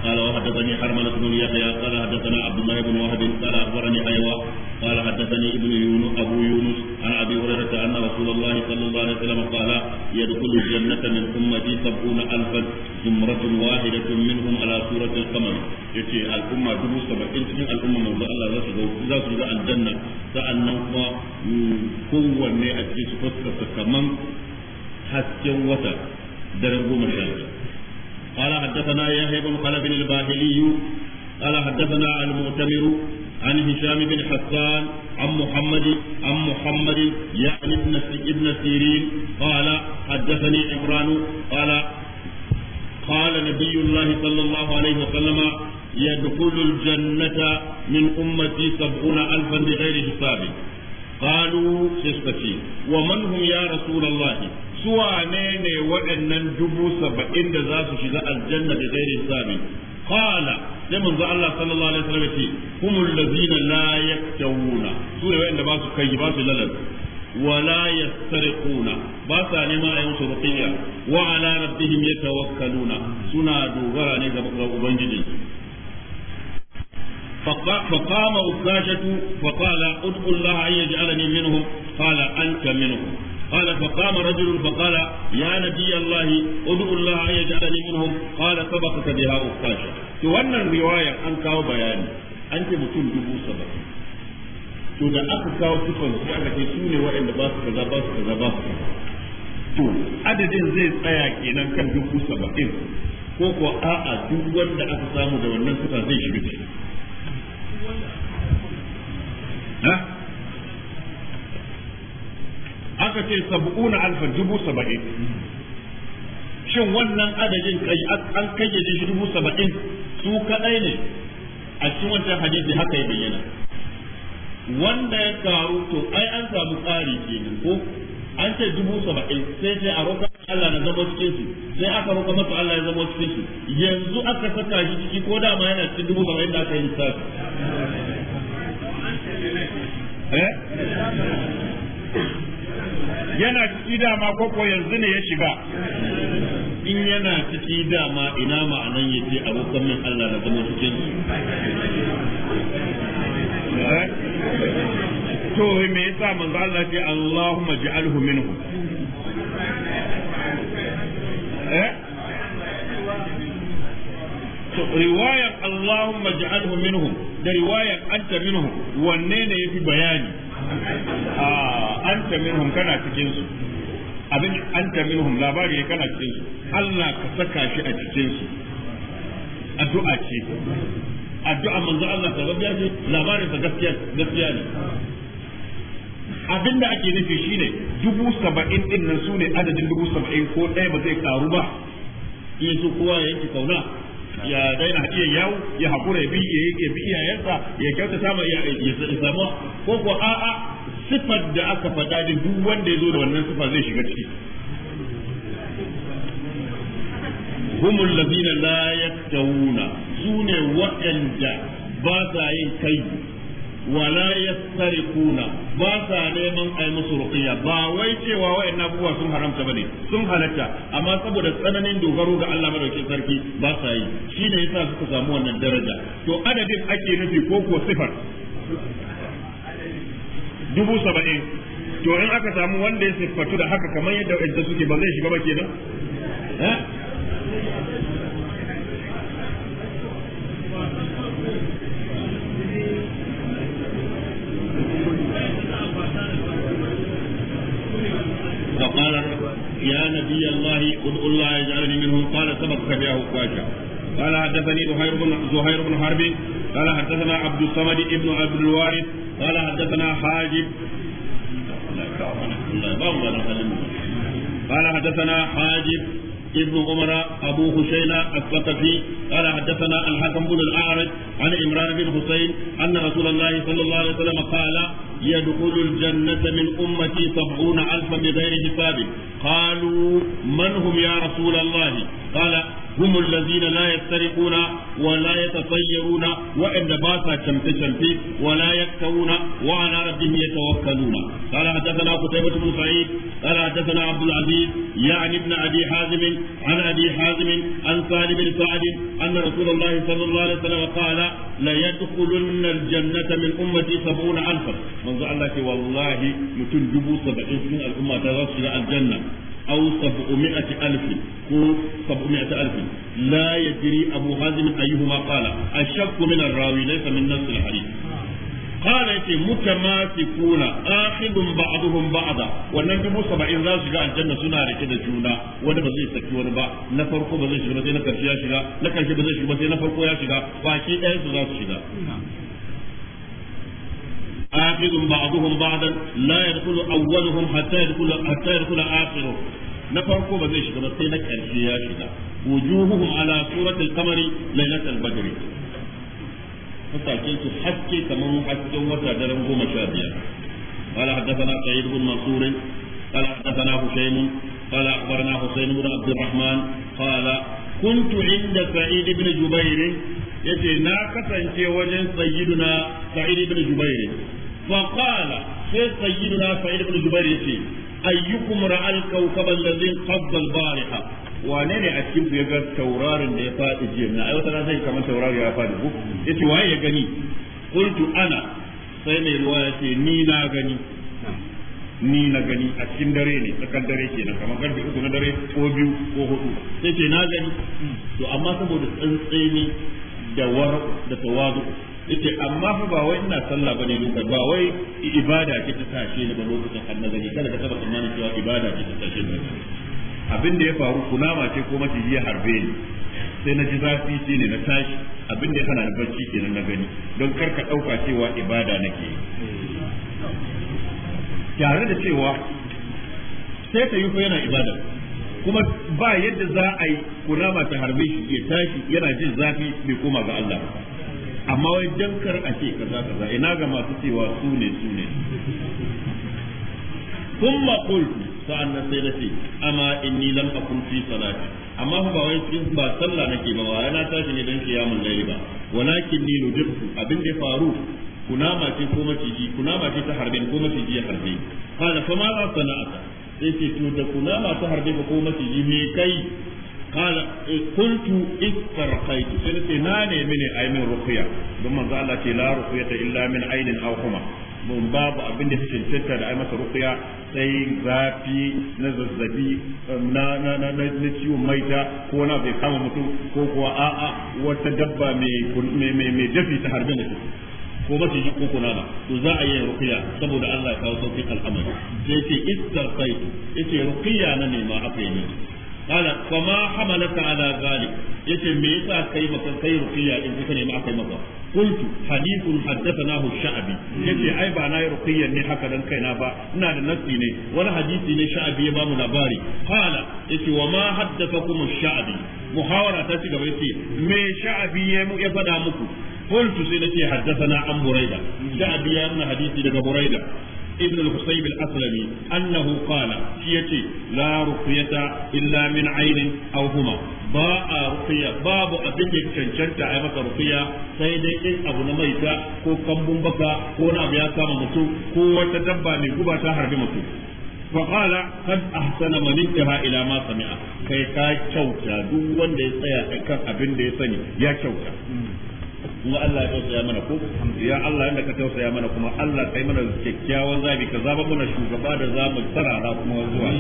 قال وحدثني حرملة بن يحيى قال حدثنا عبد الله بن وهب قال أخبرني أيوة قال حدثني ابن يونس أبو يونس عن أبي هريرة أن رسول الله صلى الله عليه وسلم قال يدخل الجنة من أمتي سبعون ألفا زمرة واحدة منهم على سورة القمر يتي الأمة دبو سبعين تجين الأمة موضع الله رسول إذا سجد الجنة سألنا قوة نأتي سفتك كمان حتى وتا درجة مشاهدة قال حدثنا يحيى بن خلف الباهلي قال حدثنا المؤتمر عن هشام بن حسان عن محمد عن محمد يعني ابن ابن سيرين قال حدثني عمران قال قال نبي الله صلى الله عليه وسلم يدخل الجنة من أمتي سبعون ألفا بغير حساب قالوا شستي ومن هم يا رسول الله suwa ne ne waɗannan dubu saba'in da za su shiga aljanna da gairi sami? Kala. sai manzo Allah sallallahu alaihi wasallam ce humul ladina la yaktawuna su ne waɗanda ba su kai ba su lalal ولا يسترقون باسا نما ايو سرقيا وعلى ربهم يتوكلون سنا دوغرا ني غبا ubangiji فقام عكاشة فقال ادعو الله أن يجعلني منهم قال أنت منهم قال فقام رجل فقال يا نبي الله ادعو الله ان يجعلني منهم قال سبقك بها أفاشا to wannan riwaya an kawo bayani an ce mutum dubu saba'in to da aka kawo sifan su aka ce sune ne waɗanda ba su kaza ba su kaza ba su kaza. to adadin zai tsaya kenan kan dubu saba'in ko ko a'a duk wanda aka samu da wannan sifa zai shiga ha aka ce sab'una alfan dubu saba'in shin wannan adadin kai an kage shi dubu saba'in su kadai ne a cikin wancan hadisi haka ya bayyana wanda ya karu to ai an samu tsari kenan ko an ce dubu saba'in sai sai a roƙa Allah na zama cikin su sai aka roƙa masa Allah ya zama cikin su yanzu aka saka shi ciki ko da ma yana cikin dubu saba'in da aka yi lissafi eh yana ciki dama ko yanzu ne ya shiga in yana ciki dama ina ma'anan ya ce abu min Allah da zama cikin eh? to me yasa manzo Allah ce Allahumma ij'alhu minhu رواية eh? اللهم Allahumma منهم ده da أنت منهم والنين wanne ne yafi bayani ah. anta minhum kana cikin su abin anta minhum labari kana cikin su Allah ka saka shi a cikin su addu'a ce addu'a manzo Allah ta rabbiya ce labarin da gaskiya gaskiya ne abinda ake nufi shine dubu saba'in din nan su ne adadin dubu saba'in ko ɗaya ba zai karu ba in su kowa ya yanki kauna ya daina iya yawo ya hakura ya bi ya bi iyayensa ya kyauta sama ya samu ko ko a'a sifar da aka fada da duk wanda ya zo da wannan sifa zai shiga ciki humul ladina la yaktawuna sune waɗanda ba sa yin kai wala yastarikuna ba sa neman ai musu ruqiya ba wai cewa wayannan abubuwa sun haramta bane sun halatta amma saboda tsananin dogaro ga Allah madaukakin sarki ba sa yi shine yasa suka samu wannan daraja to adadin ake nufi ko ko sifar dubu saba'in to in aka samu wanda ya siffatu da haka kamar yadda yadda suke ba zai shiga ba kenan eh? فقال يا نبي الله قل الله يجعلني منهم قال سبق فبيعه قال حدثني زهير بن حرب قال حدثنا عبد الصمد ابن عبد الوارث قال حدثنا حاجب قال حدثنا حاجب ابن عمر أبو حسين الثقفي قال حدثنا الحكم بن الأعرج عن عمران بن حسين أن رسول الله صلى الله عليه وسلم قال يدخل الجنة من أمتي سبعون ألفا بغير حساب قالوا من هم يا رسول الله قال هم الذين لا يسترقون ولا يتطيرون وإن باسا شمت شمت ولا يكتون وعلى ربهم يتوكلون قال حدثنا قتيبة بن سعيد قال حدثنا عبد العزيز يعني ابن أبي حازم عن أبي حازم عن سالم بن سعد أن رسول الله صلى الله عليه وسلم قال ليدخلن الجنة من أمتي سبعون ألفا من قال لك والله متن جبو سبعين من الأمة تغسل الجنة أو سبعمائة ألف أو سبعمائة ألف لا يدري أبو حازم أيهما قال الشك من الراوي ليس من نفس الحديث قال يتي متماسكون آخذ بعضهم بعضا wannan dubu saba'in za shiga aljanna suna rake da juna wanda ba zai saki wani ba na farko ba zai shiga sai na karshe ya shiga na karshe ba zai shiga sai na farko ya shiga baki ɗaya su za su shiga حافظ بعضهم بعضا لا يدخل حتى يدخل حتى يدخل zai shiga ba sai na ƙarshe ya shiga wujuhuhum ala suratul qamari su daren قال حدثنا سعيد بن منصور قال حدثنا هشيم قال اخبرنا حسين بن عبد الرحمن قال كنت عند سعيد بن جبير yace na kasance wajen sayyiduna sa'id ibn فقال سيد سيدنا سعيد بن جبير يتي أيكم رأى الكوكب الذي قبض البارحة wane ne a cikin ya ga taurarin da ya faɗi jiya na aiwata na sai kamar taurari ya faɗi ko yace نينا ya ni na gani a cikin dare ne tsakar dare ke na kamar karfe uku na dare ko biyu ko hudu sai ce na gani to amma saboda tsantseni da war da tawazu yace amma fa ba wai ina sallah bane duka ba wai ibada ce ta tashe ni ba lokacin annazari kada ka taba tsammanin cewa ibada ce ta tashe ne abin da ya faru kunama ce ko mace ya harbe ne. sai na ji zafi shi ne na tashi abin da ya hana barci bacci kenan na gani don kar ka dauka cewa ibada nake yi tare da cewa sai ta yi yana ibada kuma ba yadda za a yi kunama ta harbe shi ya tashi yana jin zafi bai koma ga Allah ba amma wai dankar a ce kaza kaza ina ga masu cewa su ne su ne ثم قلت sa'an nan sai na ce amma inni lam akun fi salati amma ba wai cikin ba sallah nake ba wa na tashi ne dan kiyamul layli ba walakin ni nujibtu abin da faru kunama ce ko maciji kunama ce ta harbin ko maciji ya harbe kana fa ma sana'a sai ce to da ma ta harbe ko maciji me kai قال قلت افترقيت سنتي ناني من اي من رقيه ثم قال لا رقيه الا من عين او حمى mun babu abin da cancanta da ai masa ruqya sai zafi na zazzabi na ciwon maita ko na bai kama mutum ko kuwa a'a wata dabba mai dafi ta harbe mutum ko ba ce ko kuna ba to za a yi ruqya saboda Allah ya kawo sauki al'amari sai ce istarqaitu yace ruqya na ne ma aka ne qala fama hamalaka ala zalik yace me yasa kai maka kai ruqiyya in kuka nemi akai maka qultu hadithun haddathanahu sha'bi yace ai ba na ruqiyya ne haka dan kaina ba ina da nafsi ne wani hadisi ne sha'bi ya bamu labari qala yace wa ma Sha'abi sha'bi muhawara ta ci gaba yace me Sha'abi ya faɗa muku قلت سيدتي حدثنا عن بريدة شعبي أن Hadisi daga بريدة ibn al-husayb al annahu qala shi yace la ruqyata illa min aynin aw huma ba a babu abin cancanta a maka ruqya sai dai in abu na maita ko kambun baka ko na abu ya kama mutum ko wata dabba mai guba ta harbi mutum فقال قد احسن من انتهى الى kai ka kyauta duk wanda ya tsaya kan abin da ya sani ya kyauta kuma Allah ya tausaya mana ko ya Allah yanda ka tausaya mana kuma Allah kai mana kyakkyawan zabi ka zaba mana shugaba da zamu tsara kuma zuwa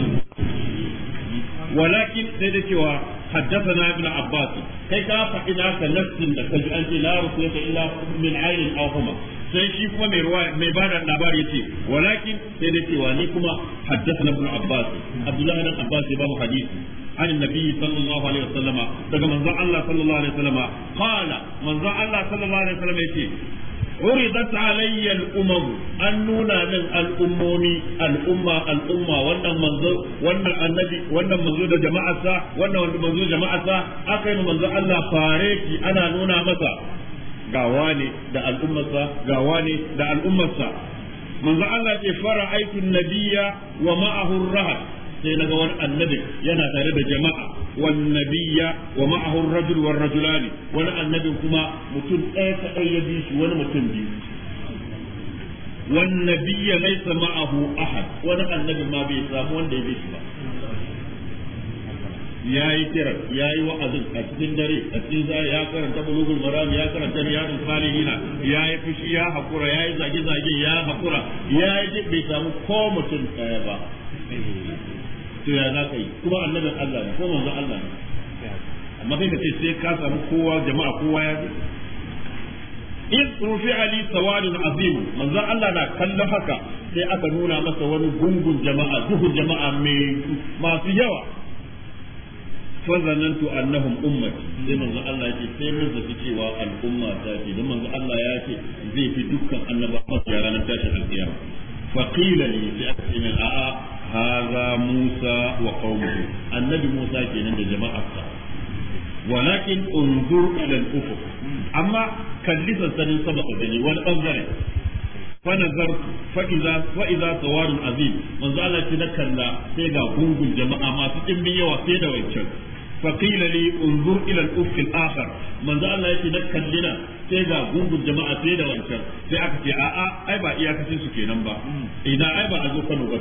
ولكن سيدتي حدثنا ابن عباس كيف da كنفس تجد أنت لا رسلة إلا من عين أو هما sai shi kuma mai ruwa mai ba da labari yace walakin sai da cewa ni kuma haddathana ibn abbas abdullahi ibn abbas ya ba mu hadisi عن النبي صلى الله عليه وسلم دقى من الله صلى الله عليه وسلم قال من الله صلى الله عليه وسلم يتي عرضت علي الأمم أن نونا من الأمومي الأمة الأمة وانا منظور وانا النبي وانا منظور جماعة سا وانا منظور جماعة سا أقيم منظور الله فاريكي أنا نونا مسا قواني دا الأمة سا قواني دا الأمة سا منظور الله فرأيت النبي ومعه الرهب sai na ga wani annabi yana tare da jama'a wan nabiyya wa ma'ahu ar-rajul war rajulani wani annabi kuma mutum ɗaya kadai ya bi shi wani mutum biyu wan nabiyya laysa ma'ahu ahad wani annabi ma bai samu wanda ya bi shi ba ya yi kira ya yi wa'azin a cikin dare a cikin zai ya karanta bulugul maram ya karanta riyadul salihina ya yi fushi ya hakura ya yi zage zage ya hakura ya yi bai samu ko mutum ɗaya ba to ya za ka yi kuma annabin Allah ne ko manzon Allah ne amma kai ka ce sai ka samu kowa jama'a kowa ya ji in rufi ali sawadun azim manzon Allah na kalla haka sai aka nuna masa wani gungun jama'a duhun jama'a mai masu yawa fazanantu annahum ummati sai manzo Allah yake sai mun zafi cewa al'umma ta ce dan manzo Allah ya ce zai fi dukkan annabawa ranar tashin alkiyama faqila li fi asmin a'a haza Musa wa qaumuhu annabi Musa kenan da jama'arsa walakin unzur ila al-ufuq amma kalli sansanin sama ku gani wani bangare fa nazartu fa idza wa idza sawarun azim manzo Allah ce na kalla sai ga gungun jama'a masu dimbin yawa sai da wancan fa qila li unzur ila al-ufuq al-akhar manzo Allah ya ce kallina sai ga gungun jama'a sai da wancan sai aka ce a'a ai ba iyakacin su kenan ba idan ai ba a zo Kano ba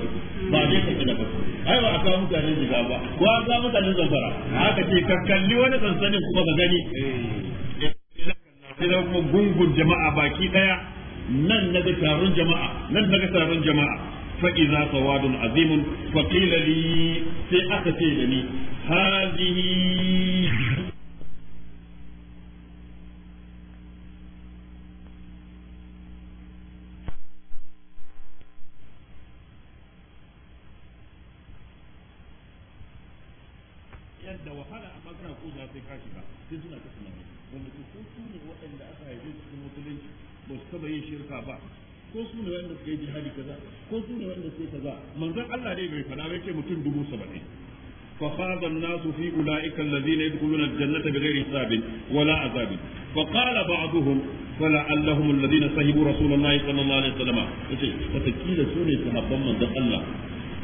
ba dai ka da ba ai ba a kawo mutane jiga ba ko an kawo mutane zamfara aka ce ka kalli wani sansanin kuma ka gani sai da kuma gungun jama'a baki daya nan na ga taron jama'a nan na ga taron jama'a fa idza sawadun azimun fa qila li sai aka ce da ni hadhihi taba yin shirka ba ko su ne wanda suka yi jihadi kaza ko su ne wanda suka kaza manzon Allah dai bai fada bai ce mutum dubu saba'in فخاض الناس في أولئك الذين يدخلون الجنة بغير حساب ولا عذاب فقال بعضهم فلعلهم الذين صهبوا رسول الله صلى الله عليه وسلم فتكيل سوني صحابا من الله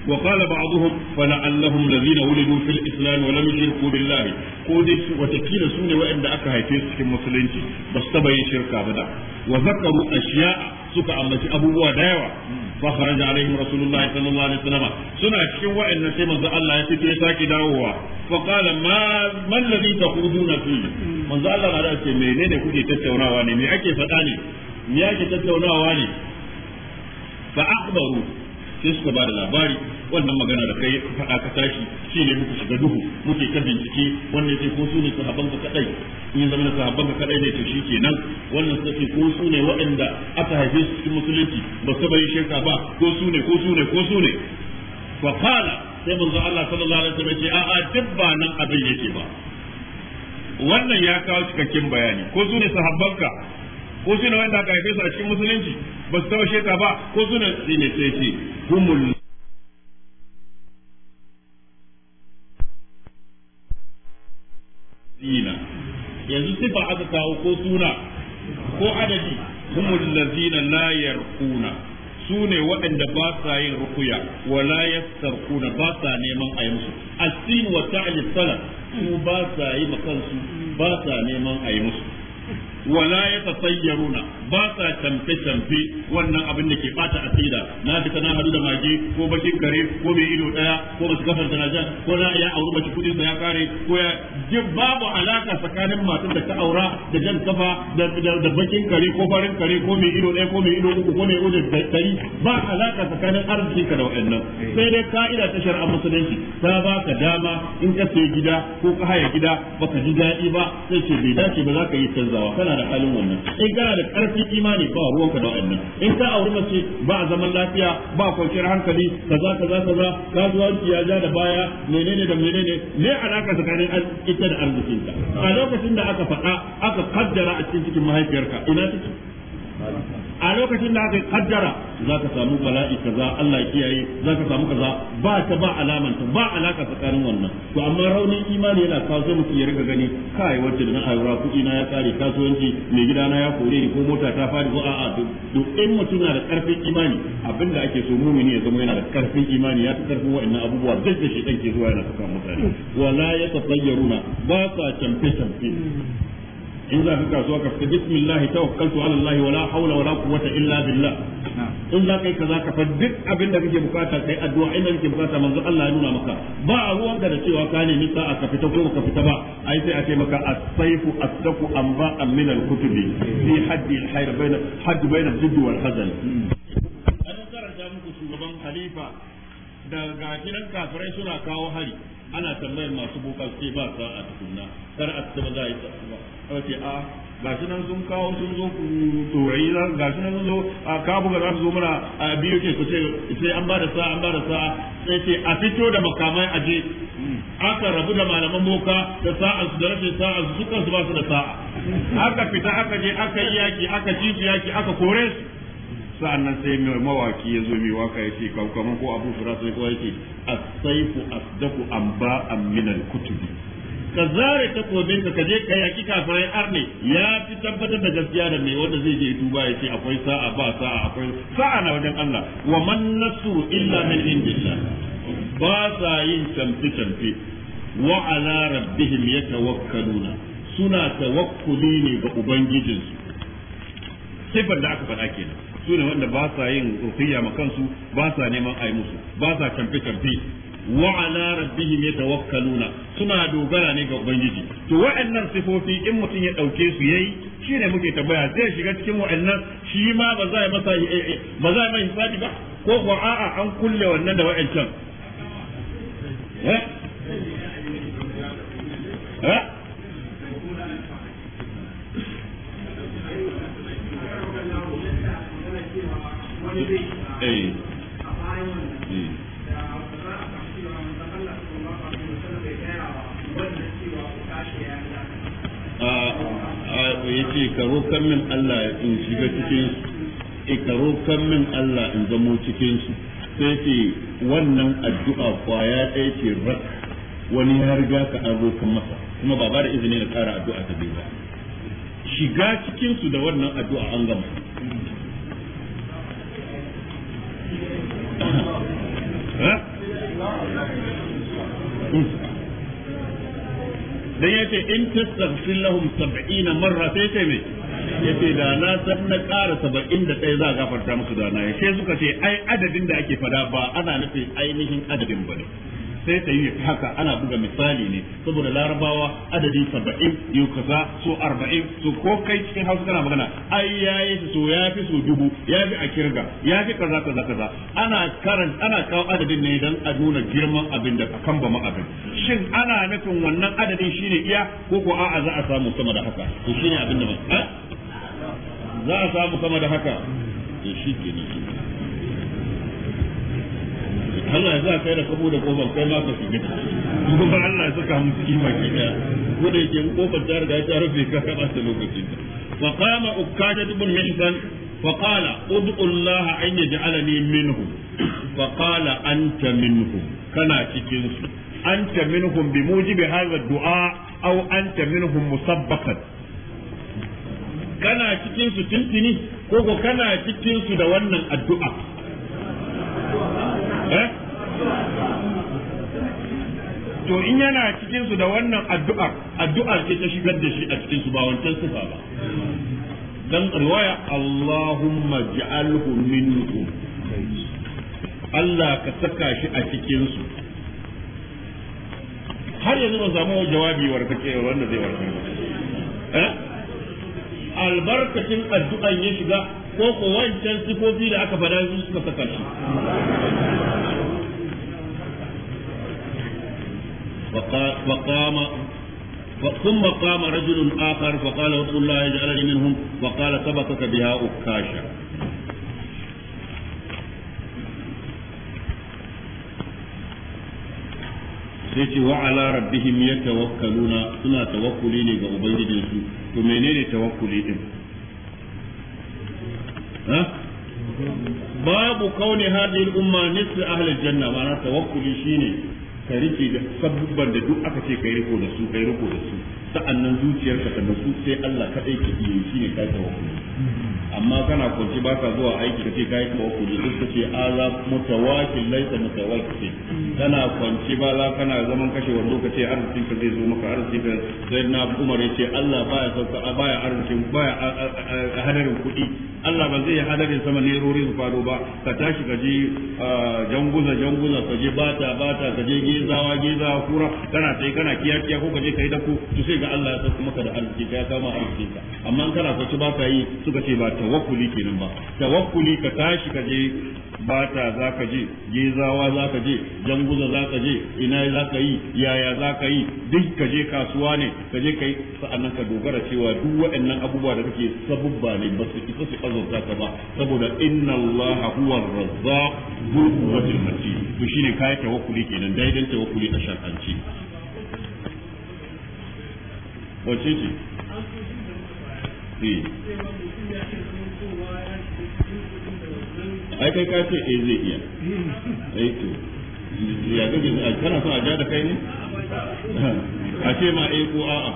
وقال بعضهم فلعلهم الذين ولدوا في الاسلام ولم يشركوا بالله ko da su watakila sune ne aka haife su cikin musulunci ba su taba yin shirka ba da wa zakaru ashiya suka ambaci abubuwa da yawa fa kharaja alaihim rasulullahi sallallahu alaihi wasallam suna cikin waɗannan sai manzo Allah ya fito ya saki dawowa fa qala ma man ladhi taquduna fi manzo Allah ya ce menene kuke tattaunawa ne me faɗa ne me ake tattaunawa ne fa sai suka ba da labari wannan magana da kai faɗa ka tashi shi ne muku shiga duhu muke ka bincike wannan ce ko su ne sahabban ka kadai in zama na sahabban ka kadai ne to shi kenan wannan sai ko su ne waɗanda aka haife su cikin musulunci ba su bari shirka ba ko su ne ko su ne ko su ne fa qala sai manzo Allah sallallahu alaihi wasallam ce a a dabba nan abin yake ba wannan ya kawo cikakken bayani ko su ne sahabban ka ko su ne aka haife su a cikin musulunci ba su taɓa shirka ba ko su ne sai ce humul kawo ko suna ko adadi humul ladzina la yarquna su ne waɗanda ba sa yin rukuya wa la yastarquna ba sa neman a yi musu asin wa ta'lil salat su ba sa yi su ba sa neman a yi musu wa la yatasayyaruna ba sa tamfe tamfe wannan abin da ke bata asida na fita na hadu da mage ko bakin kare ko mai ido daya ko ba su kafar daraja ko za a yi auri shi kudin sa ya kare ko ya babu alaka tsakanin matan da ta aura da jan kafa da bakin kare ko farin kare ko mai ido daya ko mai ido uku ko mai ido dari ba alaka tsakanin arziki ka da waɗannan sai dai ka'ida ta shar'a musulunci ta ba ka dama in ka sayi gida ko ka haya gida baka ji daɗi ba sai ce bai dace ba za ka yi canzawa kana da halin wannan in kana da ƙarfi yi imani ba ruwanka da wa'annan in ka auri mace ba a zaman lafiya ba kwanciyar hankali kaza kaza kaza kasuwanci ya ja da baya menene da menene ne alaka tsakanin ita da arzikinka a lokacin da aka faɗa aka kaddara a cikin cikin mahaifiyarka ina take a lokacin da aka kaddara za ka samu bala'i kaza Allah kiyaye za ka samu kaza ba ta ba alaman ta ba alaka tsakanin wannan to amma raunin imani yana kawo sai mutum ya riga gani kai wacce da na aura kuɗi na ya kare kasuwanci mai gida na ya kore ni ko mota ta fadi ko a duk in mutum na da karfin imani abinda ake so mumini ya zama yana da karfin imani ya fi karfin wa'annan abubuwa duk da shi ke zuwa yana saka mutane wala ya tsayyaruna ba sa camfe camfe in za ka kasuwa ka fita bismillah tawakkaltu ala allah wala hawla wala quwwata illa billah in za ka yi kaza ka fa duk abin da kake bukata kai addu'a inda kake bukata manzo Allah ya nuna maka ba a ruwan da cewa ka nemi sa'a a fita ko ka fita ba ai sai a ce maka as-sayfu as-saku min al-kutubi fi haddi al-hayr bayna bayna al-jidd wal an karanta muku shugaban khalifa da kafirai suna kawo hari ana tambayar masu boka sai ba tukunna kar ce a ah, ga shi nan sun kawo sun zo turai za ga nan sun zo a kabu ga za su zo mana a biyu ke ku ce sai an ba da sa an ba da sa sai ce a fito da makamai a je aka rabu da malaman boka da sa'a su da rashin sa'a su dukkan su ba su da sa'a aka fita aka je aka yi yaki aka ci su yaki aka kore su sa'annan sai mai mawaki ya zo mai waka kawo kamar ko abu fura sai ko yake as-sayfu asdaqu amba am min al-kutubi ka zare takobin ka je ka yaki kafirai arne ya fi tabbatar da gaskiya da mai wanda zai je duba ya ce akwai sa'a ba sa'a akwai sa'a na wajen Allah wa man nasu illa min indillah ba sa yin tamfi tamfi wa ala rabbihim yatawakkaluna suna tawakkuli ne ga ubangijinsu sifar da aka faɗa kenan su ne wanda ba sa yin rufiya ma kansu ba sa neman a musu ba sa tamfi tamfi wa ala rabbihim yatawakkaluna suna dogara ne ga ubangiji to wa'annan sifofi in mutum ya dauke su yayi shine muke tambaya zai shiga cikin wa'annan shi ma ba za masa eh, eh, ba za mai ba ko ko a'a an kulle wannan da wa'ancan eh eh, eh. kan min Allah in shiga cikin su ikaro kan min Allah in zamo cikin su sai ce wannan addu'a kwaya ɗaya ce rak wani ya riga ka an rokan masa kuma ba ba da izini na ƙara addu'a ta biyu shiga cikin su da wannan addu'a an gama dan yace in tastaghfir lahum 70 marra sai ce me yace da na san na ƙara 71 za a gafarta musu da na sai suka ce ai adadin da ake fada ba ana nufin ainihin adadin bane sai ta yi haka ana buga misali ne saboda larabawa adadin saba'in yau kaza so arba'in so ko kai cikin hausa kana magana ai yi su so ya fi so dubu ya fi a kirga ya fi kaza kaza kaza ana karan ana kawo adadin ne dan a nuna girman abin da kan ba abin shin ana nufin wannan adadin shine iya ko ko a'a za a samu sama da haka to shine abin da ba. za a samu sama da haka to shi kenan Allah ya sa kai da kabo da kofar kai ma ka shiga kuma Allah ya saka mu cikin baki daya ko da yake kofar ta riga ta rufe ka kaba ta lokacin ta. fa qama ukkaja ibn mihsan fa qala ud'u Allah an yaj'alani minhu fa qala anta minhu kana cikin su anta minhum bi mujibi hadha du'a aw anta minhum musabbaqan kana cikin su tuntuni ko ko kana cikin su da wannan addu'a eh to in yana cikin su da wannan addu'a addu'a ce ta shigar da shi a cikin su ba wancan sifa ba dan riwaya Allahumma ij'alhu minhum Allah ka saka shi a cikin su har yanzu ba samu jawabi warkake wanda zai eh albarkacin addu'an ya shiga ko ko wancan sifofi da aka fada su suka saka shi فقام ثم قام رجل آخر فقال ادعوا الله يجعلني منهم وقال سبقك بها أكاشا sai ce wa ala rabbihim suna tawakkuli ne ga ubangijin to menene tawakkuli din ha babu kauni hadhihi umma nisfu ahli janna ma'ana tawakkuli shine ka rike da sabubban da duk aka ce kai riko da su kai riko da su sa'annan zuciyarka ta nasu sai Allah kadai ke iya shi ne ka tawakkuli amma kana kwanci ba ka zuwa aiki kace kai kuma ku ji duk kace aza mutawakil laita mutawakil kana kwanci ba za kana zaman kashe wando kace arzikin ka zai zo maka arzikin ka sai na Umar yace Allah baya sauka baya arzikin baya hadarin kuɗi Allah ba zai hadarin sama ne rori su ba ka tashi ka ji janguza janguza ka ji bata bata ka ji gizawa-gizawa kura kana sai kana kiyakiya ko ka je kai da ku to sai ga Allah ya sauka maka da arziki ya kama arzikin ka amma kana kwace ba ta yi suka ce ba tawakkuli kenan ba tawakkuli ka tashi ka je bata za ka je gezawa za ka je janguza za ka je ina za ka yi yaya za ka yi duk ka je kasuwa ne ka je ka sa'annan ka dogara cewa duk waɗannan abubuwa da kake sabubba ne ba su isa su azurta ka ba saboda inna allaha huwa razzaq dhul quwwatil matin to shine kai tawakkuli kenan daidan tawakkuli a shar'anci wace ce Eh. ai kai ka ce eh zai iya ai eh, to ya gaji a kana son a ja da kai ne a ce ma eh ko a'a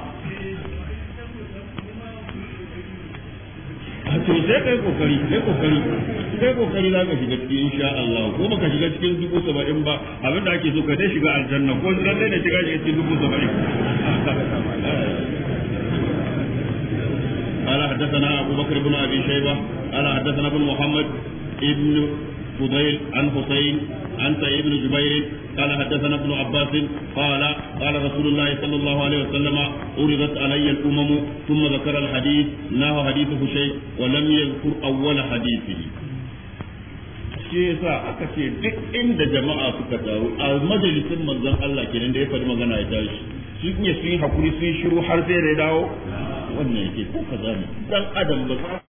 a to sai kai kokari sai kokari sai kokari za ka shiga cikin insha Allah ko baka shiga cikin dubu saba'in ba abin da ake so ka dai shiga aljanna ko zan dai da shiga cikin dubu saba'in قال حدثنا أبو بكر بن أبي شيبة قال حدثنا بن محمد ابن فضيل عن حسين عن سعيد بن جبير قال حدثنا ابن عباس قال قال رسول الله صلى الله عليه وسلم عرضت علي الامم ثم ذكر الحديث نهى حديثه شيء ولم يذكر اول حديثه shi yasa aka ce duk inda jama'a suka taru a majalisin manzon Allah kenan da ya faɗi magana ya tashi sun iya sun yi hakuri sun shiru har sai da ya dawo wannan yake ko kaza ne dan adam ba